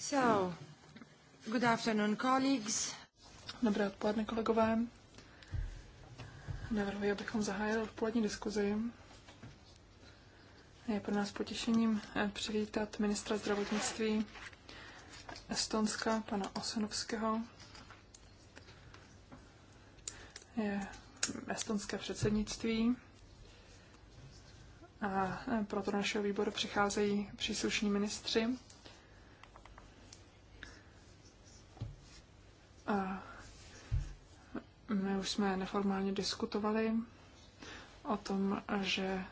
So, good afternoon, colleagues. Dobré odpoledne, kolegové. Navrhuji, abychom zahájili odpolední diskuzi. Je pro nás potěšením eh, přivítat ministra zdravotnictví Estonska, pana Osenovského. Je estonské předsednictví a eh, proto do našeho výboru přicházejí příslušní ministři. už jsme neformálně diskutovali o tom, že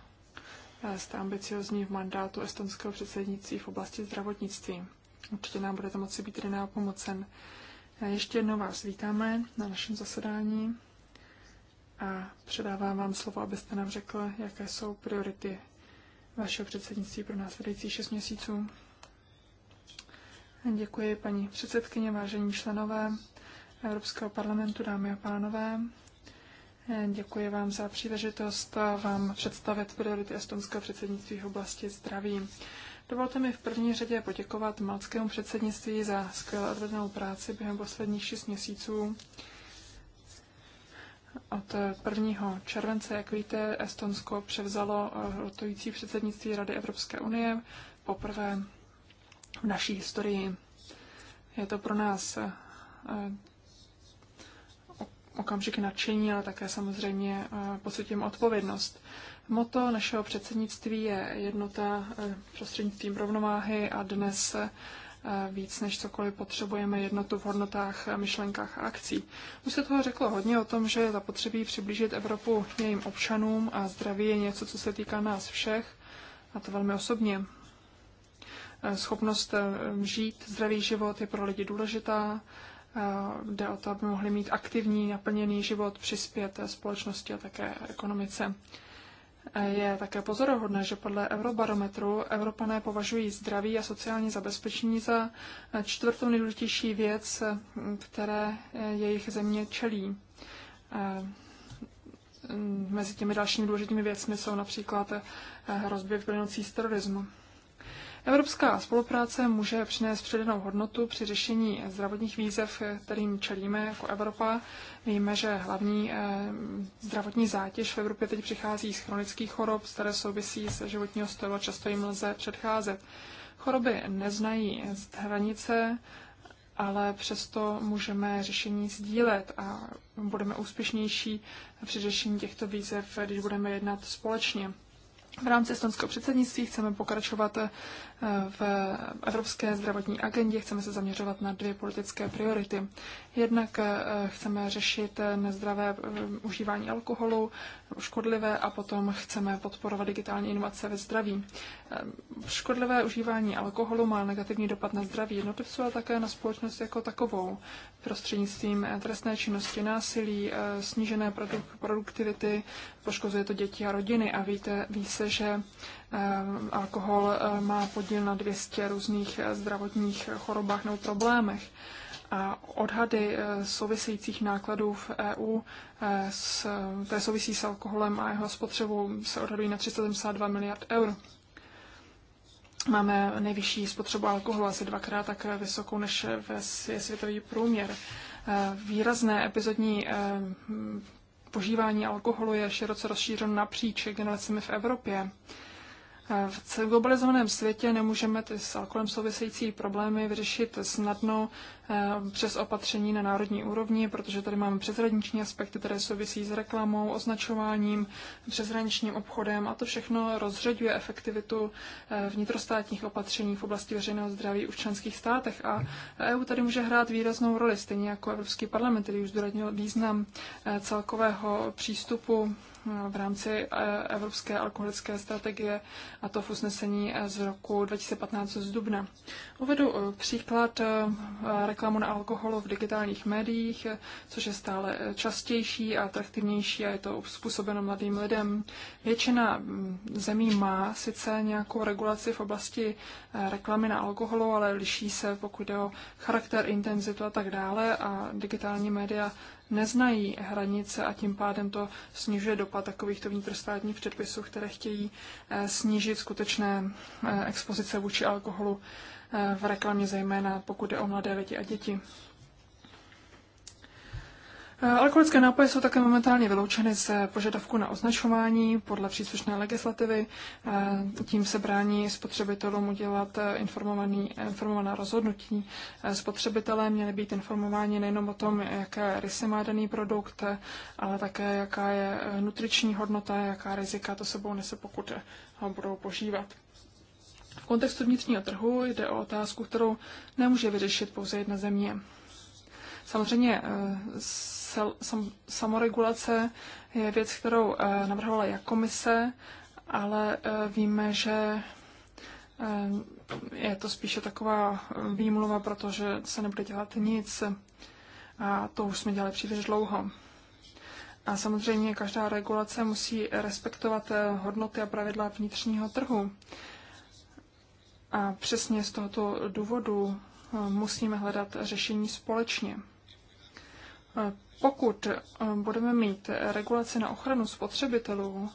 jste ambiciozní v mandátu estonského předsednictví v oblasti zdravotnictví. Určitě nám budete moci být tedy pomocen. Ještě jednou vás vítáme na našem zasedání a předávám vám slovo, abyste nám řekl, jaké jsou priority vašeho předsednictví pro následující 6 měsíců. Děkuji, paní předsedkyně, vážení členové. Evropského parlamentu, dámy a pánové. Děkuji vám za příležitost vám představit priority estonského předsednictví v oblasti zdraví. Dovolte mi v první řadě poděkovat malckému předsednictví za skvěle odvedenou práci během posledních šest měsíců. Od 1. července, jak víte, Estonsko převzalo rotující předsednictví Rady Evropské unie poprvé v naší historii. Je to pro nás eh, okamžik nadšení, ale také samozřejmě eh, pocitím odpovědnost. Moto našeho předsednictví je jednota eh, prostřednictvím rovnováhy a dnes eh, víc než cokoliv potřebujeme jednotu v hodnotách, myšlenkách a akcí. Už se toho řeklo hodně o tom, že je zapotřebí přiblížit Evropu jejím občanům a zdraví je něco, co se týká nás všech a to velmi osobně. Schopnost žít zdravý život je pro lidi důležitá Jde o to, aby mohli mít aktivní, naplněný život, přispět společnosti a také ekonomice. Je také pozoruhodné, že podle Eurobarometru Evropané považují zdraví a sociální zabezpečení za čtvrtou nejdůležitější věc, které jejich země čelí. Mezi těmi dalšími důležitými věcmi jsou například hrozby vplynoucí z terorismu. Evropská spolupráce může přinést přidanou hodnotu při řešení zdravotních výzev, kterým čelíme jako Evropa. Víme, že hlavní eh, zdravotní zátěž v Evropě teď přichází z chronických chorob, které souvisí s životního stylu a často jim lze předcházet. Choroby neznají z hranice, ale přesto můžeme řešení sdílet a budeme úspěšnější při řešení těchto výzev, když budeme jednat společně. V rámci estonského předsednictví chceme pokračovat v Evropské zdravotní agendě chceme se zaměřovat na dvě politické priority. Jednak eh, chceme řešit eh, nezdravé eh, užívání alkoholu, škodlivé, a potom chceme podporovat digitální inovace ve zdraví. Škodlivé užívání alkoholu má negativní dopad na zdraví jednotlivců a také na společnost jako takovou. Prostřednictvím trestné činnosti násilí, snížené produk- produktivity, poškozuje to děti a rodiny. A víte, ví se, že alkohol má podíl rodin na 200 různých eh, zdravotních eh, chorobách nebo problémech. A odhady eh, souvisejících nákladů v EU, s, které souvisí s alkoholem a jeho spotřebou, se odhadují na 372 miliard eur. Máme nejvyšší spotřebu alkoholu asi dvakrát tak vysokou, než je světový průměr. Výrazné epizodní požívání alkoholu je široce rozšířeno napříč generacemi v Evropě. V globalizovaném světě nemůžeme ty s alkoholem související problémy vyřešit snadno eh, přes opatření na národní úrovni, protože tady máme přeshraniční aspekty, které souvisí s reklamou, označováním, přeshraničním obchodem a to všechno rozřeďuje efektivitu eh, vnitrostátních opatření v oblasti veřejného zdraví v členských státech a EU tady může hrát výraznou roli, stejně jako Evropský parlament, který už zdůraznil význam eh, celkového přístupu v rámci eh, Evropské alkoholické strategie a to v usnesení eh, z roku 2015 z Dubna. Uvedu eh, příklad reklamu na alkohol v digitálních médiích, což je stále častější a atraktivnější a je to způsobeno mladým lidem. Většina mm, zemí má sice nějakou regulaci v oblasti reklamy na alkoholu, ale liší se, pokud jde o charakter, intenzitu a tak dále a digitální média neznají hranice a tím pádem to snižuje dopad takovýchto vnitrostátních předpisů, které chtějí eh, snížit skutečné eh, expozice vůči alkoholu eh, v reklamě, zejména pokud jde o mladé lidi a děti. Eh, alkoholické nápoje jsou také momentálně vyloučeny z požadavku na označování podle příslušné legislativy. Eh, tím se brání spotřebitelům udělat eh, informovaný, informovaná rozhodnutí. Spotřebitelé měli být informováni nejenom o tom, jaké rysy má daný produkt, ale také jaká je nutriční hodnota, jaká rizika to sebou nese, pokud ho budou požívat. V kontextu vnitřního trhu jde o otázku, kterou nemůže vyřešit pouze jedna země. Samozřejmě s samoregulace je věc, kterou eh, navrhovala jak komise, ale eh, víme, že eh, je to spíše taková výmluva, protože se nebude dělat nic a to už jsme dělali příliš dlouho. A samozřejmě každá regulace musí respektovat hodnoty a pravidla vnitřního trhu. A přesně z tohoto důvodu musíme hledat řešení společně. Pokud eh, budeme mít regulaci na ochranu spotřebitelů,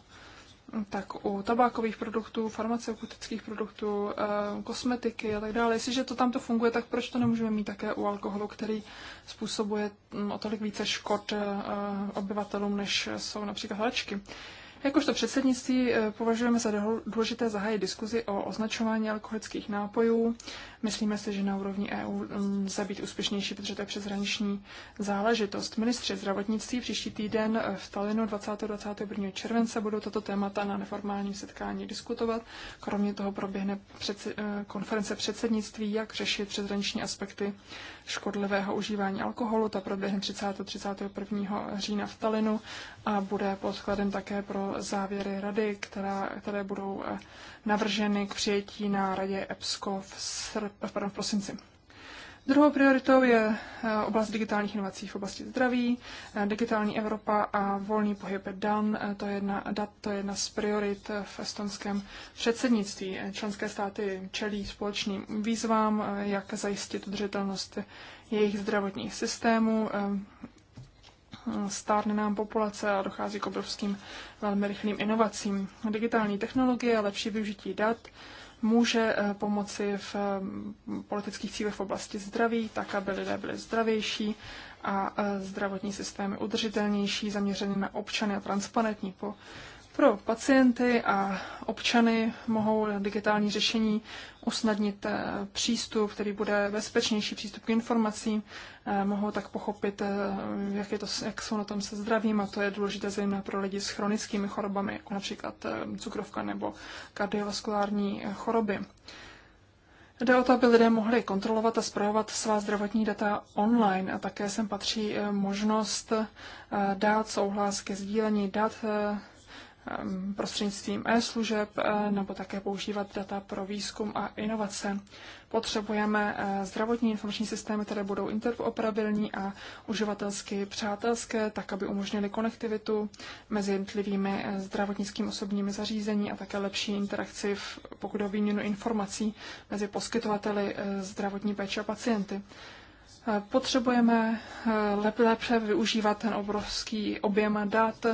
tak u tabákových produktů, farmaceutických produktů, eh, kosmetiky a tak dále, jestliže to tamto funguje, tak proč to nemůžeme mít také u alkoholu, který způsobuje hm, o tolik více škod eh, obyvatelům, než jsou například hračky. Jakožto předsednictví považujeme za důležité zahájit diskuzi o označování alkoholických nápojů Myslíme si, že na úrovni EU um, lze být úspěšnější, protože to je přeshraniční záležitost. Ministři zdravotnictví příští týden eh, v Talinu 20. 21. července budou tato témata na neformálním setkání diskutovat. Kromě toho proběhne předse- eh, konference předsednictví, jak řešit přeshraniční aspekty škodlivého užívání alkoholu. Ta proběhne 30. 31. října v Talinu a bude podkladem také pro závěry rady, která, které budou eh, navrženy k přijetí na radě EPSCO v srpnu Eh, pardon, v prosinci. Druhou prioritou je eh, oblast digitálních inovací v oblasti zdraví. Eh, digitální Evropa a volný pohyb dan, to je jedna, dat, to je jedna z priorit v estonském předsednictví. Členské státy čelí společným výzvám, jak zajistit udržitelnost jejich zdravotních systémů. Stárne nám populace a dochází k obrovským velmi rychlým inovacím. Digitální technologie a lepší využití dat může eh, pomoci v eh, politických cílech v oblasti zdraví, tak aby lidé byli zdravější a eh, zdravotní systémy udržitelnější, zaměřené na občany a transparentní. Pro pacienty a občany mohou digitální řešení usnadnit eh, přístup, který bude bezpečnější přístup k informacím, eh, mohou tak pochopit, eh, jak, je to, jak jsou na tom se zdravím a to je důležité zejména pro lidi s chronickými chorobami, jako například cukrovka nebo kardiovaskulární choroby. Jde o to, aby lidé mohli kontrolovat a zpravovat svá zdravotní data online a také sem patří možnost dát souhlas ke sdílení dat Ehm, prostřednictvím e-služeb eh, nebo také používat data pro výzkum a inovace. Potřebujeme eh, zdravotní informační systémy, které budou interoperabilní a uživatelsky přátelské, tak aby umožnily konektivitu mezi jednotlivými eh, zdravotnickými osobními zařízení a také lepší interakci, v, pokud o výměnu informací mezi poskytovateli zdravotní péče a pacienty. Potřebujeme lépe využívat ten obrovský objem dat,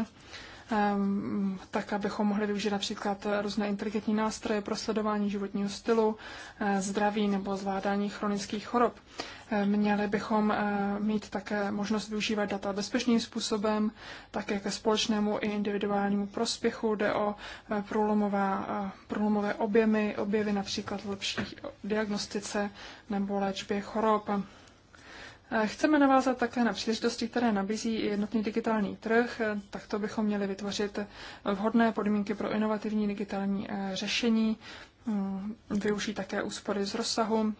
tak abychom mohli využít například různé inteligentní nástroje pro sledování životního stylu, eh, zdraví nebo zvládání chronických chorob. Měli bychom eh, mít také možnost využívat data bezpečným způsobem, také ke společnému i individuálnímu prospěchu. Jde o eh, průlomová, průlomové objemy, objevy například lepší diagnostice nebo léčbě chorob. Eh, chceme navázat také na příležitosti, které nabízí jednotný digitální trh. Eh, takto bychom měli vytvořit vhodné podmínky pro inovativní digitální eh, řešení, mm, využít také úspory z rozsahu,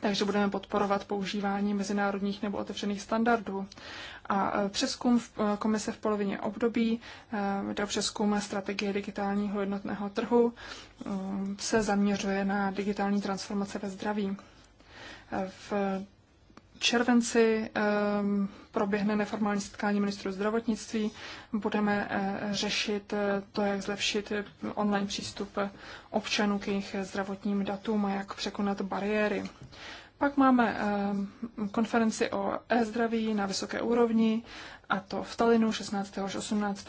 takže budeme podporovat používání mezinárodních nebo otevřených standardů. A přeskum v komise v polovině období, do přeskum strategie digitálního jednotného trhu, mm, se zaměřuje na digitální transformace ve zdraví. V červenci ehm, proběhne neformální setkání ministru zdravotnictví. Budeme eh, řešit eh, to, jak zlepšit eh, online přístup občanů k jejich zdravotním datům a jak překonat bariéry. Pak máme eh, konferenci o e-zdraví na vysoké úrovni, a to v Talinu 16. až 18.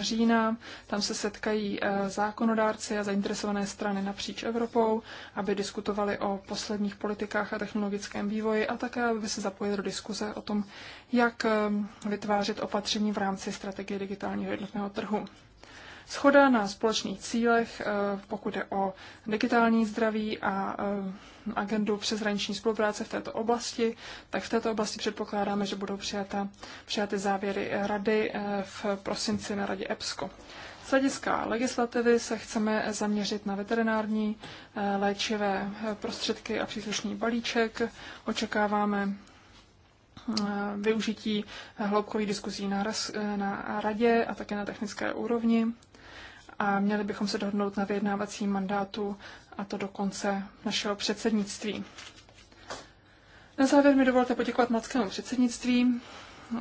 října. Tam se setkají eh, zákonodárci a zainteresované strany napříč Evropou, aby diskutovali o posledních politikách a technologickém vývoji a také, aby se zapojili do diskuze o tom, jak eh, vytvářet opatření v rámci strategie digitálního jednotného trhu. Schoda na společných cílech, eh, pokud je o digitální zdraví a eh, agendu přeshraniční spolupráce v této oblasti, tak v této oblasti předpokládáme, že budou přijata, přijaty závěry rady eh, v prosinci na radě EPSCO. Z hlediska legislativy se chceme zaměřit na veterinární léčivé prostředky a příslušný balíček. Očekáváme využití hloubkových diskuzí na, na radě a také na technické úrovni a měli bychom se dohodnout na vyjednávací mandátu a to do konce našeho předsednictví. Na závěr mi dovolte poděkovat malckému předsednictví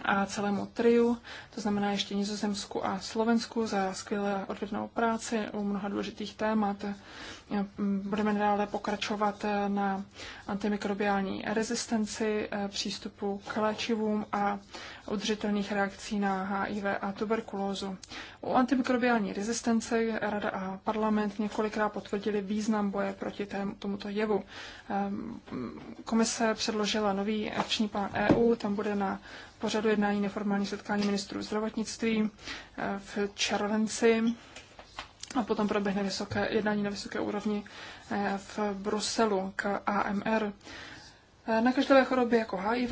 a celému triu, to znamená ještě Nizozemsku a Slovensku za skvělé odvědnou práci u mnoha důležitých témat. Mm, budeme dále pokračovat na antimikrobiální rezistenci, eh, přístupu k léčivům a udržitelných reakcí na HIV a tuberkulózu. U antimikrobiální rezistence Rada a parlament několikrát potvrdili význam boje proti tomuto jevu. Eh, komise předložila nový akční plán EU, tam bude na pořadu jednání neformální setkání ministrů zdravotnictví eh, v červenci a potom proběhne vysoké, jednání na vysoké úrovni eh, v Bruselu k AMR. Nakažlivé choroby jako HIV,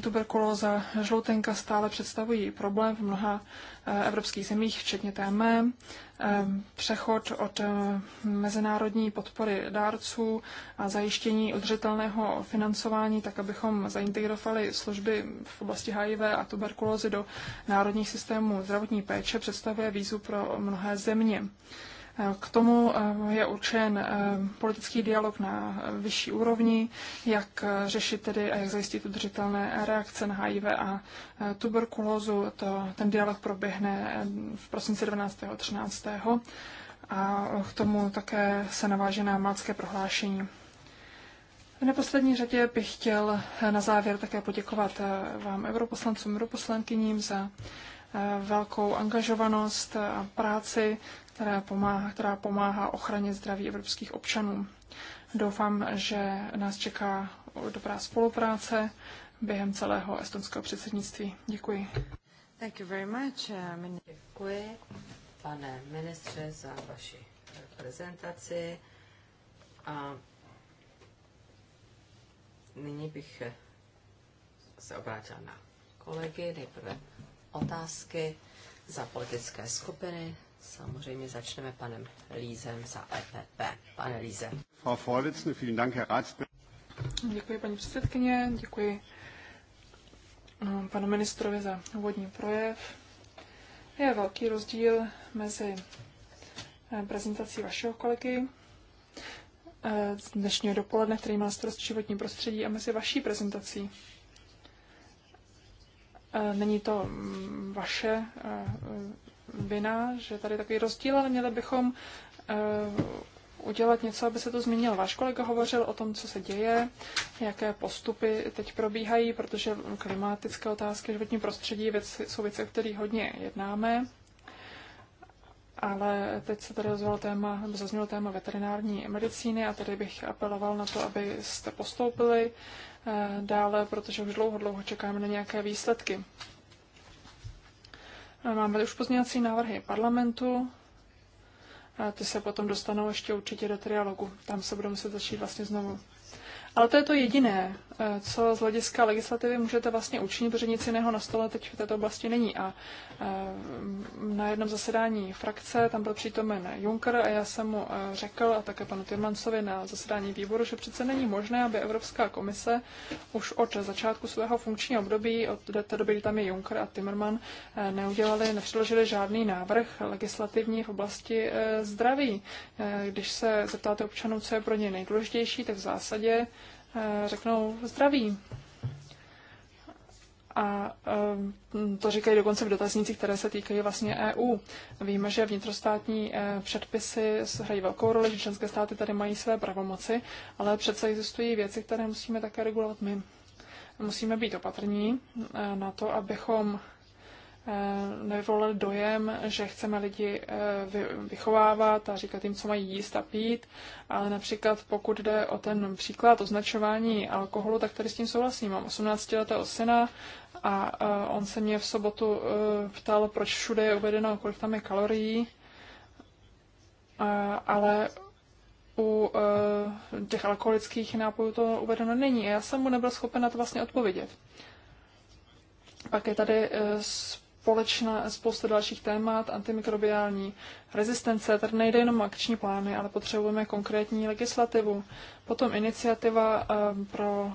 tuberkulóza, žloutenka stále představují problém v mnoha eh, evropských zemích, včetně té mé. Eh, přechod od eh, mezinárodní podpory dárců a zajištění udržitelného financování, tak abychom zaintegrovali služby v oblasti HIV a tuberkulózy do národních systémů zdravotní péče, představuje výzvu pro mnohé země. K tomu eh, je určen eh, politický dialog na eh, vyšší úrovni, jak řešit tedy a jak zajistit udržitelné reakce na HIV a tuberkulózu. To, ten dialog proběhne v prosinci 12. a 13. a k tomu také se naváže na mácké prohlášení. V neposlední řadě bych chtěl na závěr také poděkovat vám, europoslancům, europoslankyním, za velkou angažovanost a práci která pomáhá, která pomáhá ochraně zdraví evropských občanů. Doufám, že nás čeká dobrá spolupráce během celého estonského předsednictví. Děkuji. Thank you very much. Uh, Děkuji, pane ministře, za vaši prezentaci. A nyní bych se obrátila na kolegy. Nejprve otázky za politické skupiny. Samozřejmě začneme panem Lízem za EPP. Pane Líze. Frau Vorsitzende, vielen Dank, Herr Děkuji paní předsedkyně, děkuji eh, panu ministrovi za úvodní projev. Je velký rozdíl mezi eh, prezentací vašeho kolegy eh, z dnešního dopoledne, který má starost životní prostředí, a mezi vaší prezentací. Není to mm, vaše vina, že tady takový rozdíl, ale měli bychom eh, udělat něco, aby se to změnilo. Váš kolega hovořil o tom, co se děje, jaké postupy teď probíhají, protože klimatické otázky, životní prostředí věci, jsou věci, o kterých hodně jednáme. Ale teď se tady rozvalo téma, zaznělo téma veterinární medicíny a tady bych apeloval na to, abyste postoupili eh, dále, protože už dlouho, dlouho čekáme na nějaké výsledky. Máme tady už pozměňovací návrhy parlamentu, a ty se potom dostanou ještě určitě do trialogu. Tam se budou muset začít vlastně znovu. Ale to je to jediné, eh, co z hlediska legislativy můžete vlastně učinit, protože nic jiného na stole teď v této oblasti není. A eh, na jednom zasedání frakce, tam byl přítomen Juncker a já jsem mu eh, řekl, a také panu Tirmancovi na zasedání výboru, že přece není možné, aby Evropská komise už od začátku svého funkčního období, od té doby, kdy tam je Juncker a Timmerman, neudělali, nepředložili žádný návrh legislativní v oblasti zdraví. Když se zeptáte občanů, co je pro ně nejdůležitější, tak v zásadě Eh, řeknou zdraví. A eh, to říkají dokonce v dotaznících, které se týkají vlastně EU. Víme, že vnitrostátní eh, předpisy hrají velkou roli, že členské státy tady mají své pravomoci, ale přece existují věci, které musíme také regulovat my. Musíme být opatrní na to, abychom Eh, nevyvolali dojem, že chceme lidi eh, vychovávat a říkat jim, co mají jíst a pít, ale například pokud jde o ten příklad označování alkoholu, tak tady s tím souhlasím. Mám 18-letého syna a eh, on se mě v sobotu ptal, proč všude je uvedeno, kolik tam je kalorií, ale u těch alkoholických nápojů to uvedeno není. Já jsem mu nebyl schopen na to vlastně odpovědět. Pak je tady společná spousta dalších témat, antimikrobiální rezistence. Tady nejde jenom akční plány, ale potřebujeme konkrétní legislativu. Potom iniciativa eh, pro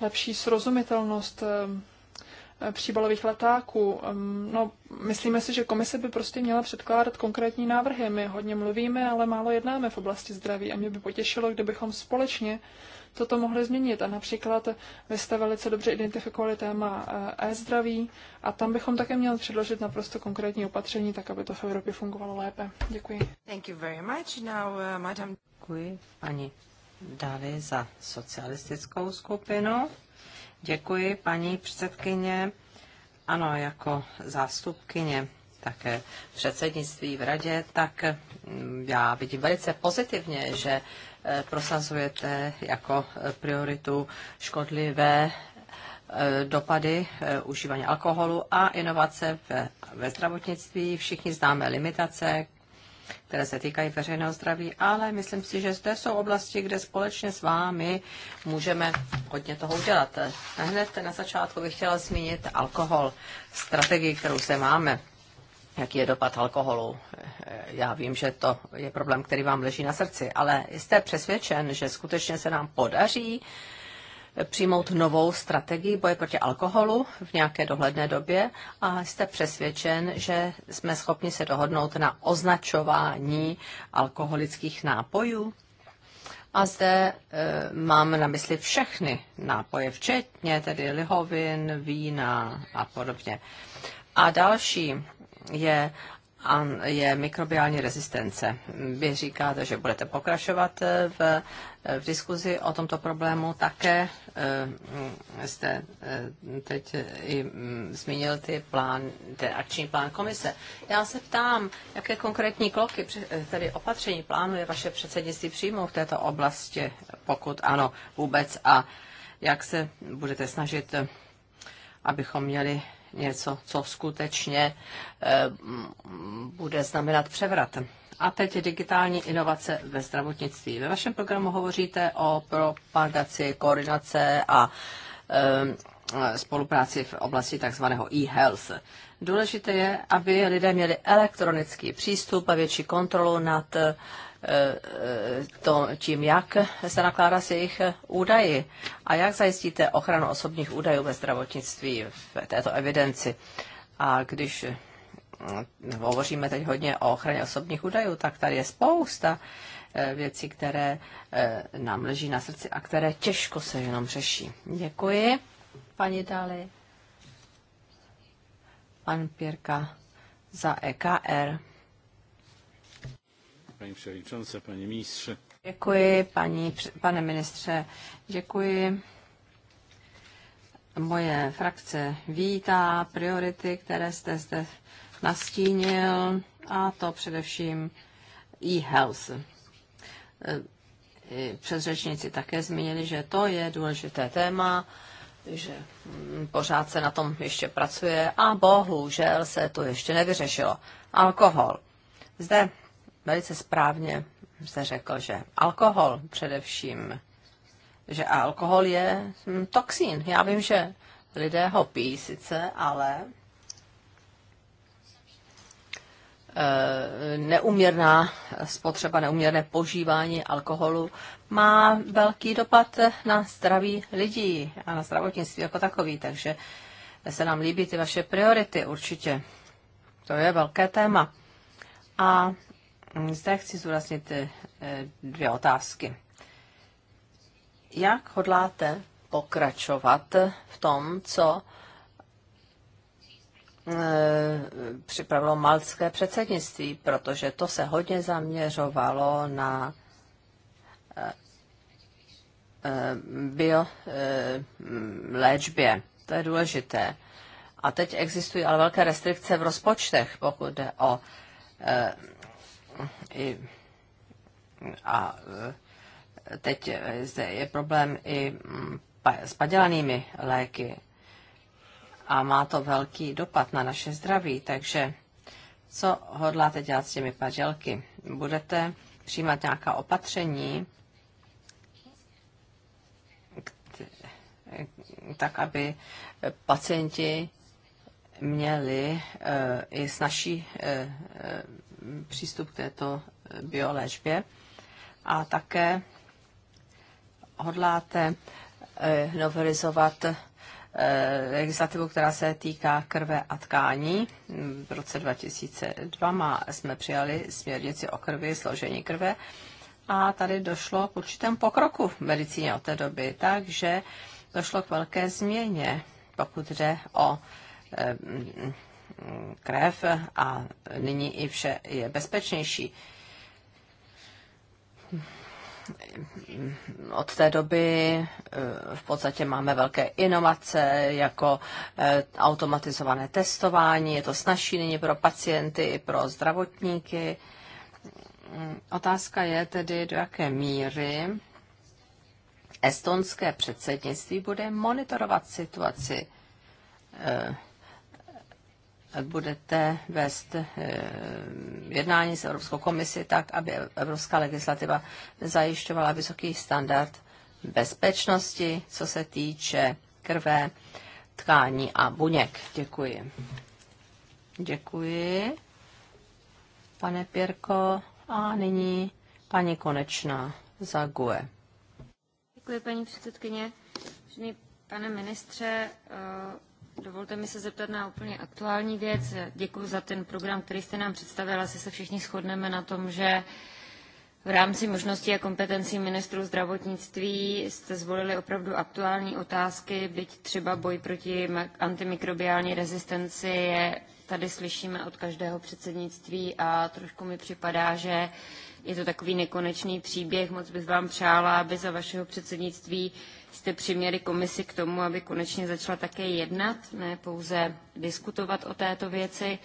lepší srozumitelnost eh, příbalových letáků. Ehm, no, myslíme si, že komise by prostě měla předkládat konkrétní návrhy. My hodně mluvíme, ale málo jednáme v oblasti zdraví a mě by potěšilo, kdybychom společně toto mohli změnit. A například vy jste velice dobře identifikovali téma eh, e-zdraví a tam bychom také měli předložit naprosto konkrétní opatření, tak aby to v Evropě fungovalo lépe. Děkuji. Thank you very much. Now, uh, madam... Děkuji paní Dali za socialistickou skupinu. Děkuji paní předsedkyně. Ano, jako zástupkyně také předsednictví v radě, tak mm, já vidím velice pozitivně, že Eh, prosazujete jako eh, prioritu škodlivé eh, dopady užívání alkoholu a inovace ve, zdravotnictví. Všichni známe limitace, které se týkají veřejného zdraví, ale myslím si, že zde jsou oblasti, kde společně s vámi můžeme hodně toho udělat. Hned na začátku bych chtěla zmínit alkohol, strategii, kterou se máme jaký je dopad alkoholu. Já vím, že to je problém, který vám leží na srdci, ale jste přesvědčen, že skutečně se nám podaří přijmout novou strategii boje proti alkoholu v nějaké dohledné době a jste přesvědčen, že jsme schopni se dohodnout na označování alkoholických nápojů? A zde e, mám na mysli všechny nápoje, včetně tedy lihovin, vína a podobně. A další je je mikrobiální rezistence. Vy říkáte, že budete pokračovat eh, v, eh, v diskuzi o tomto problému. Také eh, mm, jste teď i mm, zmínil ty plán, ten akční plán komise. Já se ptám, jaké konkrétní kroky, tedy opatření plánuje vaše předsednictví přímo v této oblasti, pokud ano, vůbec, a jak se budete snažit, abychom měli něco, co skutečně eh, bude znamenat převrat. A teď digitální inovace ve zdravotnictví. Ve vašem programu hovoříte o propagaci, koordinace a eh, spolupráci v oblasti tzv. e-health. Důležité je, aby lidé měli elektronický přístup a větší kontrolu nad eh, Eh, to, tím, jak se nakládá s jejich údaji a jak zajistíte ochranu osobních údajů ve zdravotnictví v této evidenci. A když eh, hovoříme teď hodně o ochraně osobních údajů, tak tady je spousta eh, věcí, které nám leží na srdci a které těžko se jenom řeší. Děkuji, paní Dali. Pan Pěrka za EKR paní předsedající, paní ministře. Děkuji, paní, pane ministře, děkuji. Moje frakce vítá priority, které jste zde nastínil, a to především e-health. E, předřečníci také zmínili, že to je důležité téma, že mm, pořád se na tom ještě pracuje a bohužel se to ještě nevyřešilo. Alkohol. Zde velice správně se řekl, že alkohol především, že alkohol je hm, toxín. Já vím, že lidé ho pijí sice, ale eh, neuměrná spotřeba, neuměrné požívání alkoholu má velký dopad na zdraví lidí a na zdravotnictví jako takový, takže se nám líbí ty vaše priority určitě. To je velké téma. A zde chci zúraznit eh, dvě otázky. Jak hodláte pokračovat v tom, co eh, připravilo malské předsednictví, protože to se hodně zaměřovalo na eh, léčbě. To je důležité. A teď existují ale velké restrikce v rozpočtech, pokud jde o i, a e, teď zde je problém i mm, s padělanými léky a má to velký dopad na naše zdraví, takže co hodláte dělat s těmi padělky? Budete přijímat nějaká opatření, tak aby pacienti měli e, i snažší e, přístup k této eh, bioléčbě a také hodláte eh, novelizovat eh, legislativu, která se týká krve a tkání. V roce 2002 jsme přijali směrnici o krvi, složení krve a tady došlo k určitému pokroku v medicíně od té doby, takže došlo k velké změně, pokud jde o krev a nyní i vše je bezpečnější. Od té doby eh, v podstatě máme velké inovace, jako eh, automatizované testování, je to snažší nyní pro pacienty i pro zdravotníky. Otázka je tedy, do jaké míry estonské předsednictví bude monitorovat situaci eh, budete vést eh, jednání s Evropskou komisi tak, aby evropská legislativa zajišťovala vysoký standard bezpečnosti, co se týče krve, tkání a buněk. Děkuji. Děkuji, pane Pěrko. A nyní paní Konečná za GUE. Děkuji, paní předsedkyně. Pane ministře, eh, Dovolte mi se zeptat na úplně aktuální věc. Děkuji za ten program, který jste nám představila. Asi se všichni shodneme na tom, že v rámci možností a kompetencí ministrů zdravotnictví jste zvolili opravdu aktuální otázky, byť třeba boj proti antimikrobiální rezistenci je tady slyšíme od každého předsednictví a trošku mi připadá, že je to takový nekonečný příběh. Moc bych vám přála, aby za vašeho předsednictví jste přiměli komisi k tomu, aby konečně začala také jednat, ne pouze diskutovat o této věci.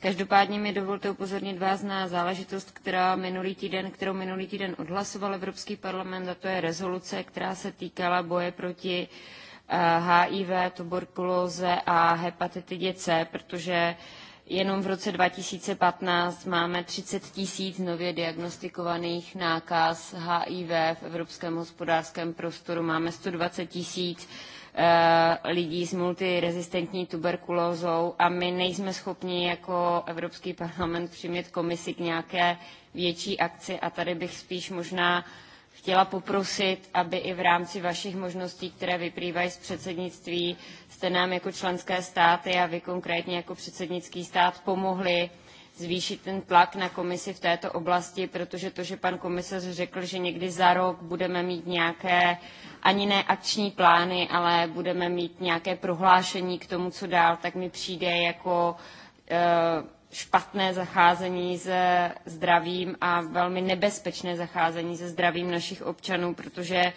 Každopádně mi dovolte upozornit vás na záležitost, která minulý týden, kterou minulý týden odhlasoval Evropský parlament, a to je rezoluce, která se týkala boje proti HIV, eh, tuberkulóze a hepatitidě C, protože uh, Jenom v roce 2015 máme 30 tisíc nově diagnostikovaných nákaz HIV v evropském hospodářském prostoru, máme 120 tisíc eh, lidí s multirezistentní tuberkulózou a my nejsme schopni jako Evropský parlament přimět komisi k nějaké větší akci a tady bych spíš možná chtěla poprosit, aby i v rámci vašich možností, které vyplývají z předsednictví, jste nám jako členské státy a vy konkrétně jako předsednický stát pomohli zvýšit ten tlak na komisi v této oblasti, protože to, že pan komisař řekl, že někdy za rok budeme mít nějaké ani ne akční plány, ale budeme mít nějaké prohlášení k tomu, co dál, tak mi přijde jako eh, špatné zacházení se zdravím a velmi nebezpečné zacházení se zdravím našich občanů, protože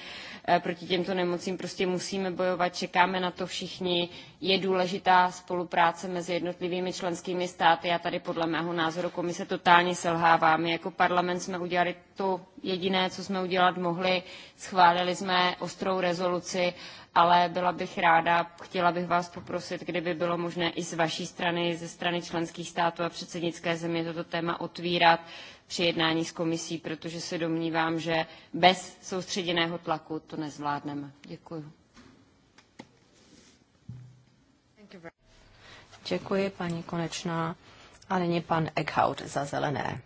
Eh, proti těmto nemocím prostě musíme bojovat, čekáme na to všichni. Je důležitá spolupráce mezi jednotlivými členskými státy a tady podle mého názoru komise totálně selhává. My jako parlament jsme udělali to jediné, co jsme udělat mohli. Schválili jsme ostrou rezoluci ale byla bych ráda, chtěla bych vás poprosit, kdyby bylo možné i z vaší strany, ze strany členských států a předsednické země toto téma otvírat při jednání s komisí, protože se domnívám, že bez soustředěného tlaku to nezvládneme. Děkuji. Děkuji, paní Konečná. A nyní pan Eckhout za zelené.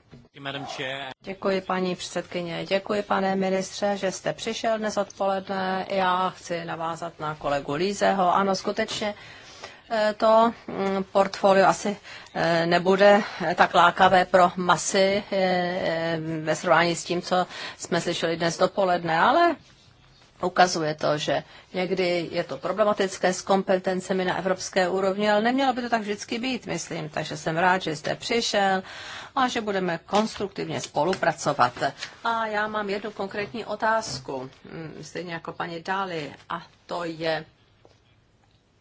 Děkuji, paní předsedkyně. Děkuji, pane ministře, že jste přišel dnes odpoledne. Já chci navázat na kolegu Lízeho. Ano, skutečně eh, to mm, portfolio asi eh, nebude eh, tak lákavé pro masy ve srovnání s tím, co jsme slyšeli dnes dopoledne, ale ukazuje to, že někdy je to problematické s kompetencemi na evropské úrovni, ale nemělo by to tak vždycky být, myslím. Takže jsem rád, že jste přišel a že budeme konstruktivně spolupracovat. A já mám jednu konkrétní otázku, mm, stejně jako paní Dali, a to je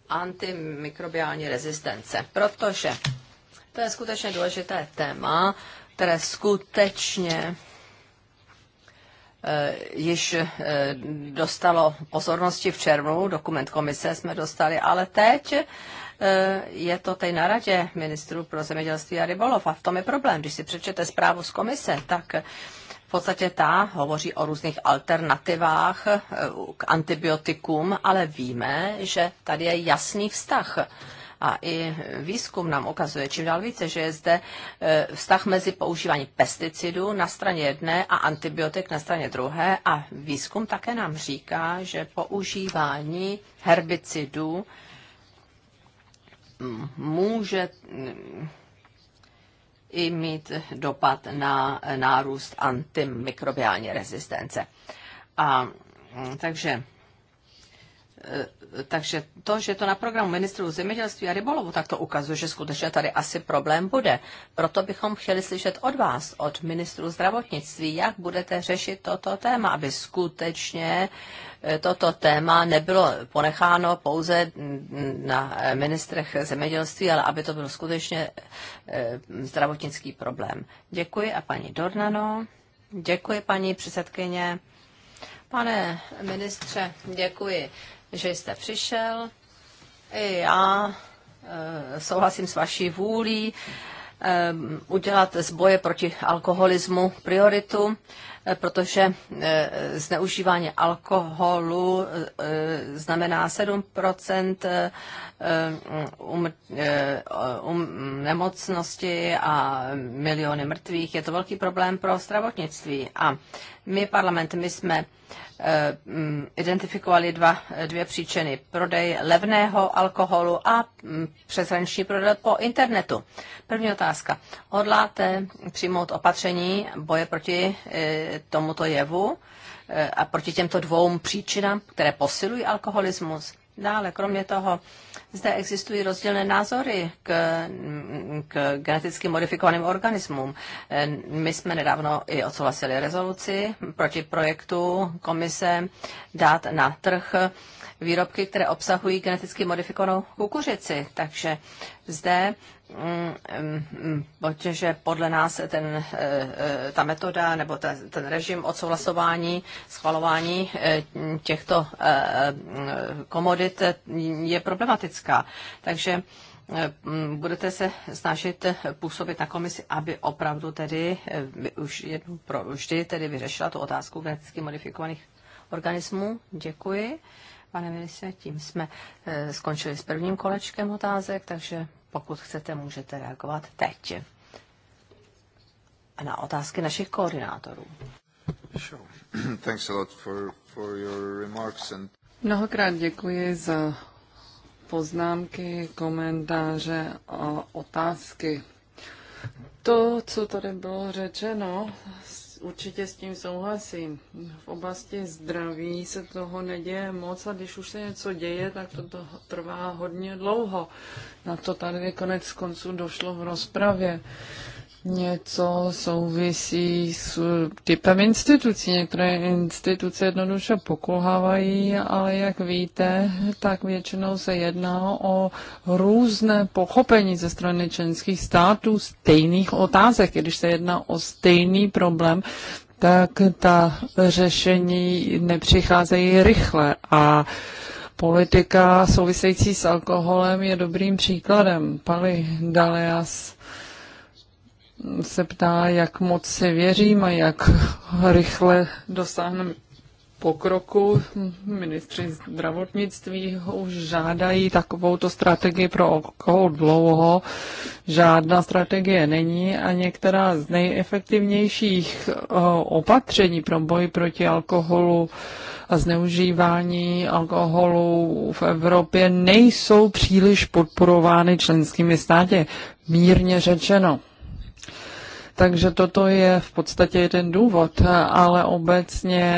antimikrobiální rezistence, protože to je skutečně důležité téma, které skutečně Eh, již eh, dostalo pozornosti v červnu, dokument komise jsme dostali, ale teď eh, je to teď na radě ministrů pro zemědělství a rybolov a v tom je problém. Když si přečete zprávu z komise, tak v podstatě ta hovoří o různých alternativách k antibiotikům, ale víme, že tady je jasný vztah a i výzkum nám ukazuje čím dál více, že je zde e, vztah mezi používání pesticidů na straně jedné a antibiotik na straně druhé a výzkum také nám říká, že používání herbicidů může i mít dopad na nárůst antimikrobiální rezistence. A takže e, takže to, že to na programu ministrů zemědělství a rybolovu, tak to ukazuje, že skutečně tady asi problém bude. Proto bychom chtěli slyšet od vás, od ministrů zdravotnictví, jak budete řešit toto téma, aby skutečně eh, toto téma nebylo ponecháno pouze mm, na ministrech zemědělství, ale aby to byl skutečně eh, zdravotnický problém. Děkuji a paní Dornano. Děkuji paní předsedkyně. Pane ministře, děkuji že jste přišel. I já eh, souhlasím s vaší vůlí eh, udělat z boje proti alkoholismu prioritu, eh, protože zneužívání alkoholu znamená 7 um, um, nemocnosti a miliony mrtvých. Je to velký problém pro zdravotnictví. A my, parlament, my jsme Eh, identifikovali dva, dvě příčiny. Prodej levného alkoholu a mm, přeshraniční prodej po internetu. První otázka. Hodláte přijmout opatření boje proti eh, tomuto jevu eh, a proti těmto dvou příčinám, které posilují alkoholismus? Dále, kromě toho, zde existují rozdílné názory k, k geneticky modifikovaným organismům. My jsme nedávno i odsouhlasili rezoluci proti projektu komise dát na trh výrobky, které obsahují geneticky modifikovanou kukuřici. Takže zde mm, mm, protože podle nás ten, eh, eh, ta metoda nebo ten, ten režim odsouhlasování, schvalování eh, těchto komodit je problematická. Takže mm, budete se snažit působit na komisi, aby opravdu tedy už jednou pro vždy tedy vyřešila tu otázku geneticky modifikovaných organismů. Děkuji. Pane ministře, tím jsme eh, skončili s prvním kolečkem otázek, takže pokud chcete, můžete reagovat teď na otázky našich koordinátorů. Mnohokrát děkuji za poznámky, komentáře a otázky. To, co tady bylo řečeno, určitě s tím souhlasím. V oblasti zdraví se toho neděje moc a když už se něco děje, tak to, to trvá hodně dlouho. Na to tady konec konců došlo v rozpravě něco souvisí s typem institucí. Některé instituce jednoduše pokulhávají, ale jak víte, tak většinou se jedná o různé pochopení ze strany členských států stejných otázek. Když se jedná o stejný problém, tak ta řešení nepřicházejí rychle a politika související s alkoholem je dobrým příkladem. Pali Dalias se ptá, jak moc si věřím a jak rychle dosáhneme pokroku. Ministři zdravotnictví už žádají takovou strategii pro okoho dlouho. Žádná strategie není a některá z nejefektivnějších eh, opatření pro boj proti alkoholu a zneužívání alkoholu v Evropě nejsou příliš podporovány členskými státy Mírně řečeno. Takže toto je v podstatě jeden důvod, ale obecně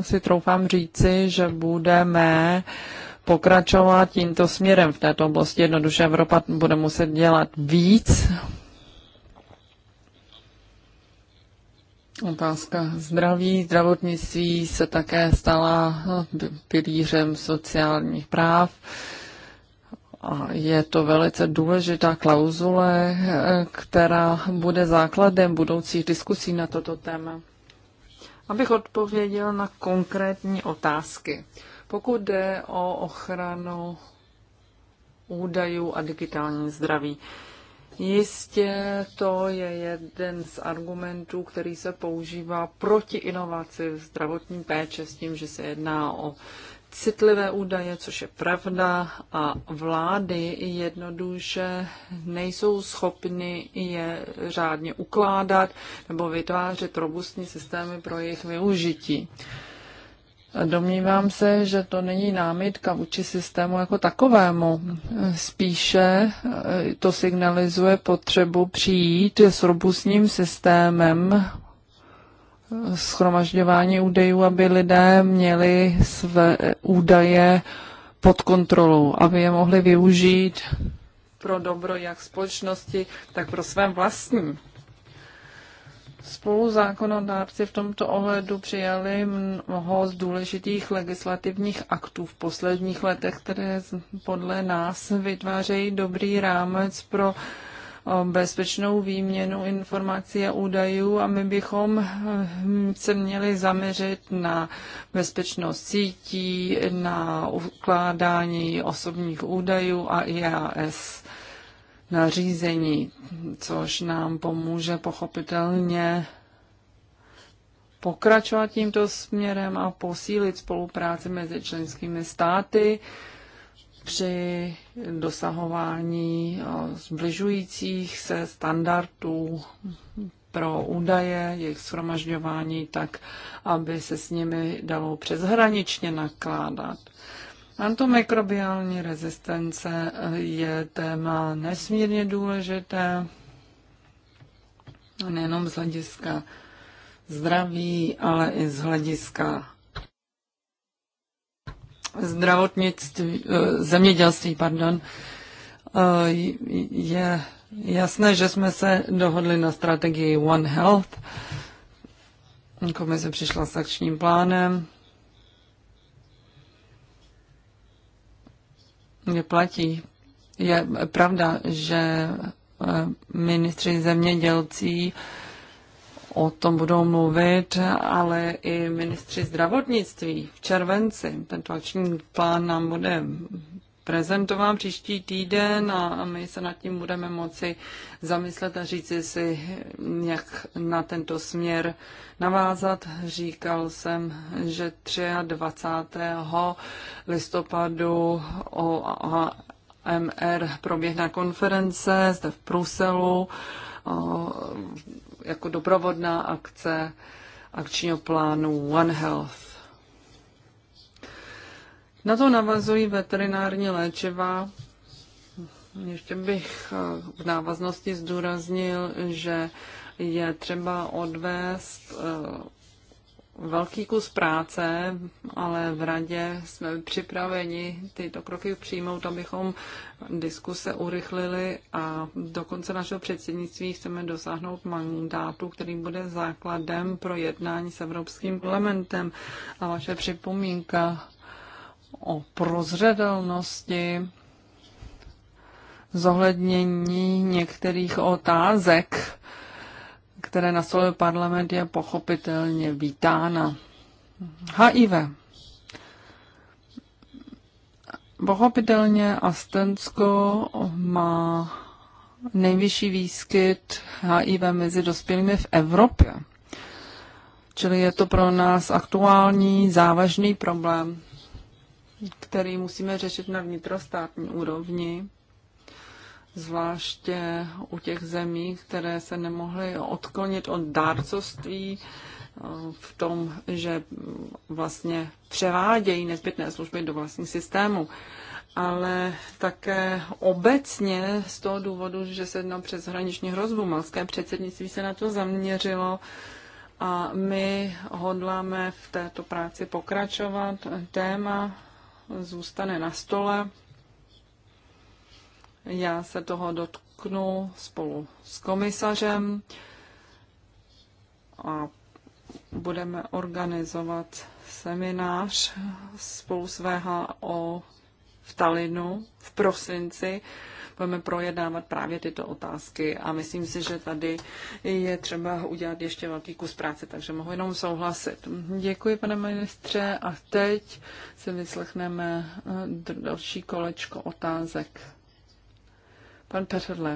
si troufám říci, že budeme pokračovat tímto směrem v této oblasti. Jednoduše Evropa bude muset dělat víc. Otázka zdraví. Zdravotnictví se také stala pilířem sociálních práv je to velice důležitá klauzule, která bude základem budoucích diskusí na toto téma. Abych odpověděl na konkrétní otázky. Pokud jde o ochranu údajů a digitální zdraví, jistě to je jeden z argumentů, který se používá proti inovaci v zdravotní péče s tím, že se jedná o citlivé údaje, což je pravda, a vlády jednoduše nejsou schopny je řádně ukládat nebo vytvářet robustní systémy pro jejich využití. Domnívám se, že to není námitka vůči systému jako takovému. Spíše eh, to signalizuje potřebu přijít s robustním systémem schromažďování údajů, aby lidé měli své údaje pod kontrolou, aby je mohli využít pro dobro jak společnosti, tak pro své vlastní. Spolu zákonodárci v tomto ohledu přijali mnoho z důležitých legislativních aktů v posledních letech, které podle nás vytvářejí dobrý rámec pro uh, bezpečnou výměnu informací a údajů a my bychom hm, se měli zaměřit na bezpečnost sítí, na ukládání osobních údajů a IAS nařízení, což nám pomůže pochopitelně pokračovat tímto směrem a posílit spolupráci mezi členskými státy při dosahování zbližujících se standardů pro údaje, jejich shromažďování, tak aby se s nimi dalo přeshraničně nakládat. Antimikrobiální rezistence je téma nesmírně důležité, nejenom z hlediska zdraví, ale i z hlediska zdravotnictví, eh, zemědělství, pardon, eh, je jasné, že jsme se dohodli na strategii One Health. Komise přišla s akčním plánem. Neplatí. Je pravda, že eh, ministři zemědělcí o tom budou mluvit, ale i ministři zdravotnictví v červenci. Tento akční plán nám bude prezentován příští týden a my se nad tím budeme moci zamyslet a říci si, jak na tento směr navázat. Říkal jsem, že 23. listopadu o MR proběhne konference zde v Bruselu jako doprovodná akce akčního plánu One Health. Na to navazují veterinární léčiva. Ještě bych eh, v návaznosti zdůraznil, že je třeba odvést eh, velký kus práce, ale v radě jsme připraveni tyto kroky přijmout, abychom diskuse urychlili a do konce našeho předsednictví chceme dosáhnout mandátu, který bude základem pro jednání s Evropským parlamentem. A vaše připomínka o prozřetelnosti zohlednění některých otázek, které nastolil parlament, je pochopitelně vítána. HIV. Pochopitelně Astensko má nejvyšší výskyt HIV mezi dospělými v Evropě. Čili je to pro nás aktuální, závažný problém, který musíme řešit na vnitrostátní úrovni zvláště u těch zemí, které se nemohly odklonit od dárcovství eh, v tom, že vlastně převádějí nezbytné služby do vlastních systémů ale také obecně z toho důvodu, že se jedná přes hraniční hrozbu. Malské předsednictví se na to zaměřilo a my hodláme v této práci pokračovat. Téma zůstane na stole já se toho dotknu spolu s komisařem a budeme organizovat seminář spolu s VHO v Talinu v prosinci. Budeme projednávat právě tyto otázky a myslím si, že tady je třeba udělat ještě velký kus práce, takže mohu jenom souhlasit. Děkuji, pane ministře, a teď si vyslechneme eh, další kolečko otázek. Pan Já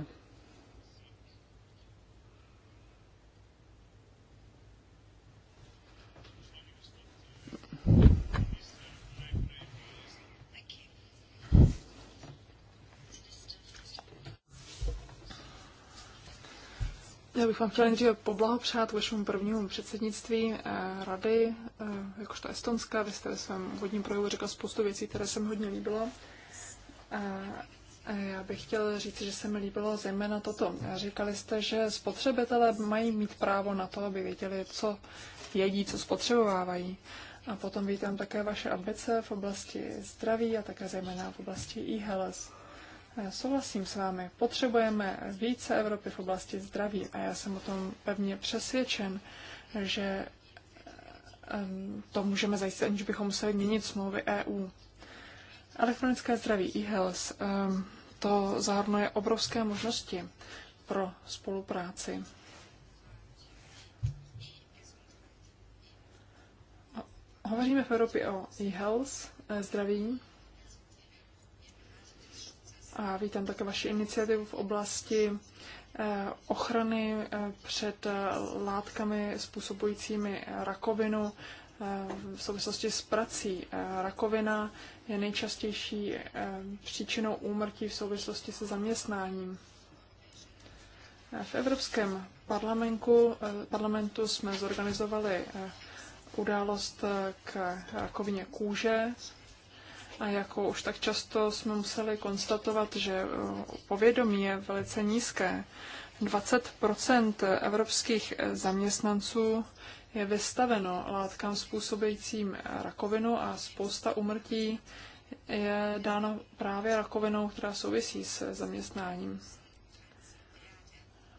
bych vám chtěla nejdříve poblahopřát vašemu prvnímu předsednictví eh, rady, eh, jakožto Estonska. Vy jste ve svém úvodním projevu řekla spoustu věcí, které se mi hodně líbilo. Eh, já bych chtěl říct, že se mi líbilo zejména toto. Říkali jste, že spotřebitelé mají mít právo na to, aby věděli, co jedí, co spotřebovávají. A potom vítám také vaše ambice v oblasti zdraví a také zejména v oblasti e-health. Souhlasím s vámi, potřebujeme více Evropy v oblasti zdraví a já jsem o tom pevně přesvědčen, že to můžeme zajistit, aniž bychom museli měnit smlouvy EU. Elektronické zdraví e-health to zahrnuje obrovské možnosti pro spolupráci. No, hovoříme v Evropě o e-health, eh, zdraví. A vítám také vaši iniciativu v oblasti eh, ochrany eh, před látkami způsobujícími rakovinu v souvislosti s prací. Rakovina je nejčastější ehm, příčinou úmrtí v souvislosti se zaměstnáním. Eh, v Evropském parlamentu, eh, parlamentu jsme zorganizovali eh, událost k rakovině kůže a jako už tak často jsme museli konstatovat, že povědomí je velice nízké. 20 evropských zaměstnanců je vystaveno látkám způsobujícím rakovinu a spousta umrtí je dána právě rakovinou, která souvisí s zaměstnáním.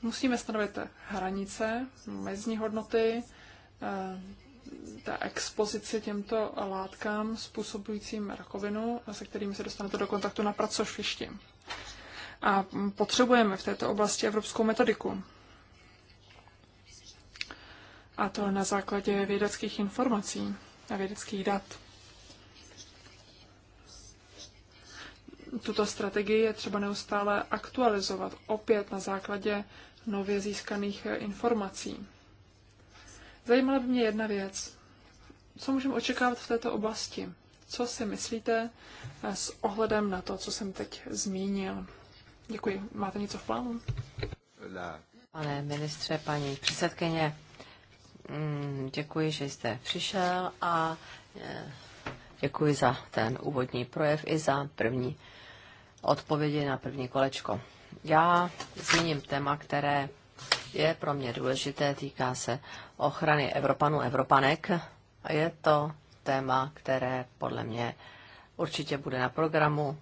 Musíme stanovit hranice, mezní hodnoty, eh, ta expozice těmto látkám způsobujícím rakovinu, se kterými se dostanete do kontaktu na pracovišti. A potřebujeme v této oblasti evropskou metodiku a to na základě vědeckých informací a vědeckých dat. Tuto strategii je třeba neustále aktualizovat, opět na základě nově získaných informací. Zajímala by mě jedna věc. Co můžeme očekávat v této oblasti? Co si myslíte eh, s ohledem na to, co jsem teď zmínil? Děkuji. Máte něco v plánu? Pane ministře, paní předsedkyně, Mm, děkuji, že jste přišel a eh, děkuji za ten úvodní projev i za první odpovědi na první kolečko. Já zmíním téma, které je pro mě důležité, týká se ochrany Evropanů, Evropanek. A je to téma, které podle mě určitě bude na programu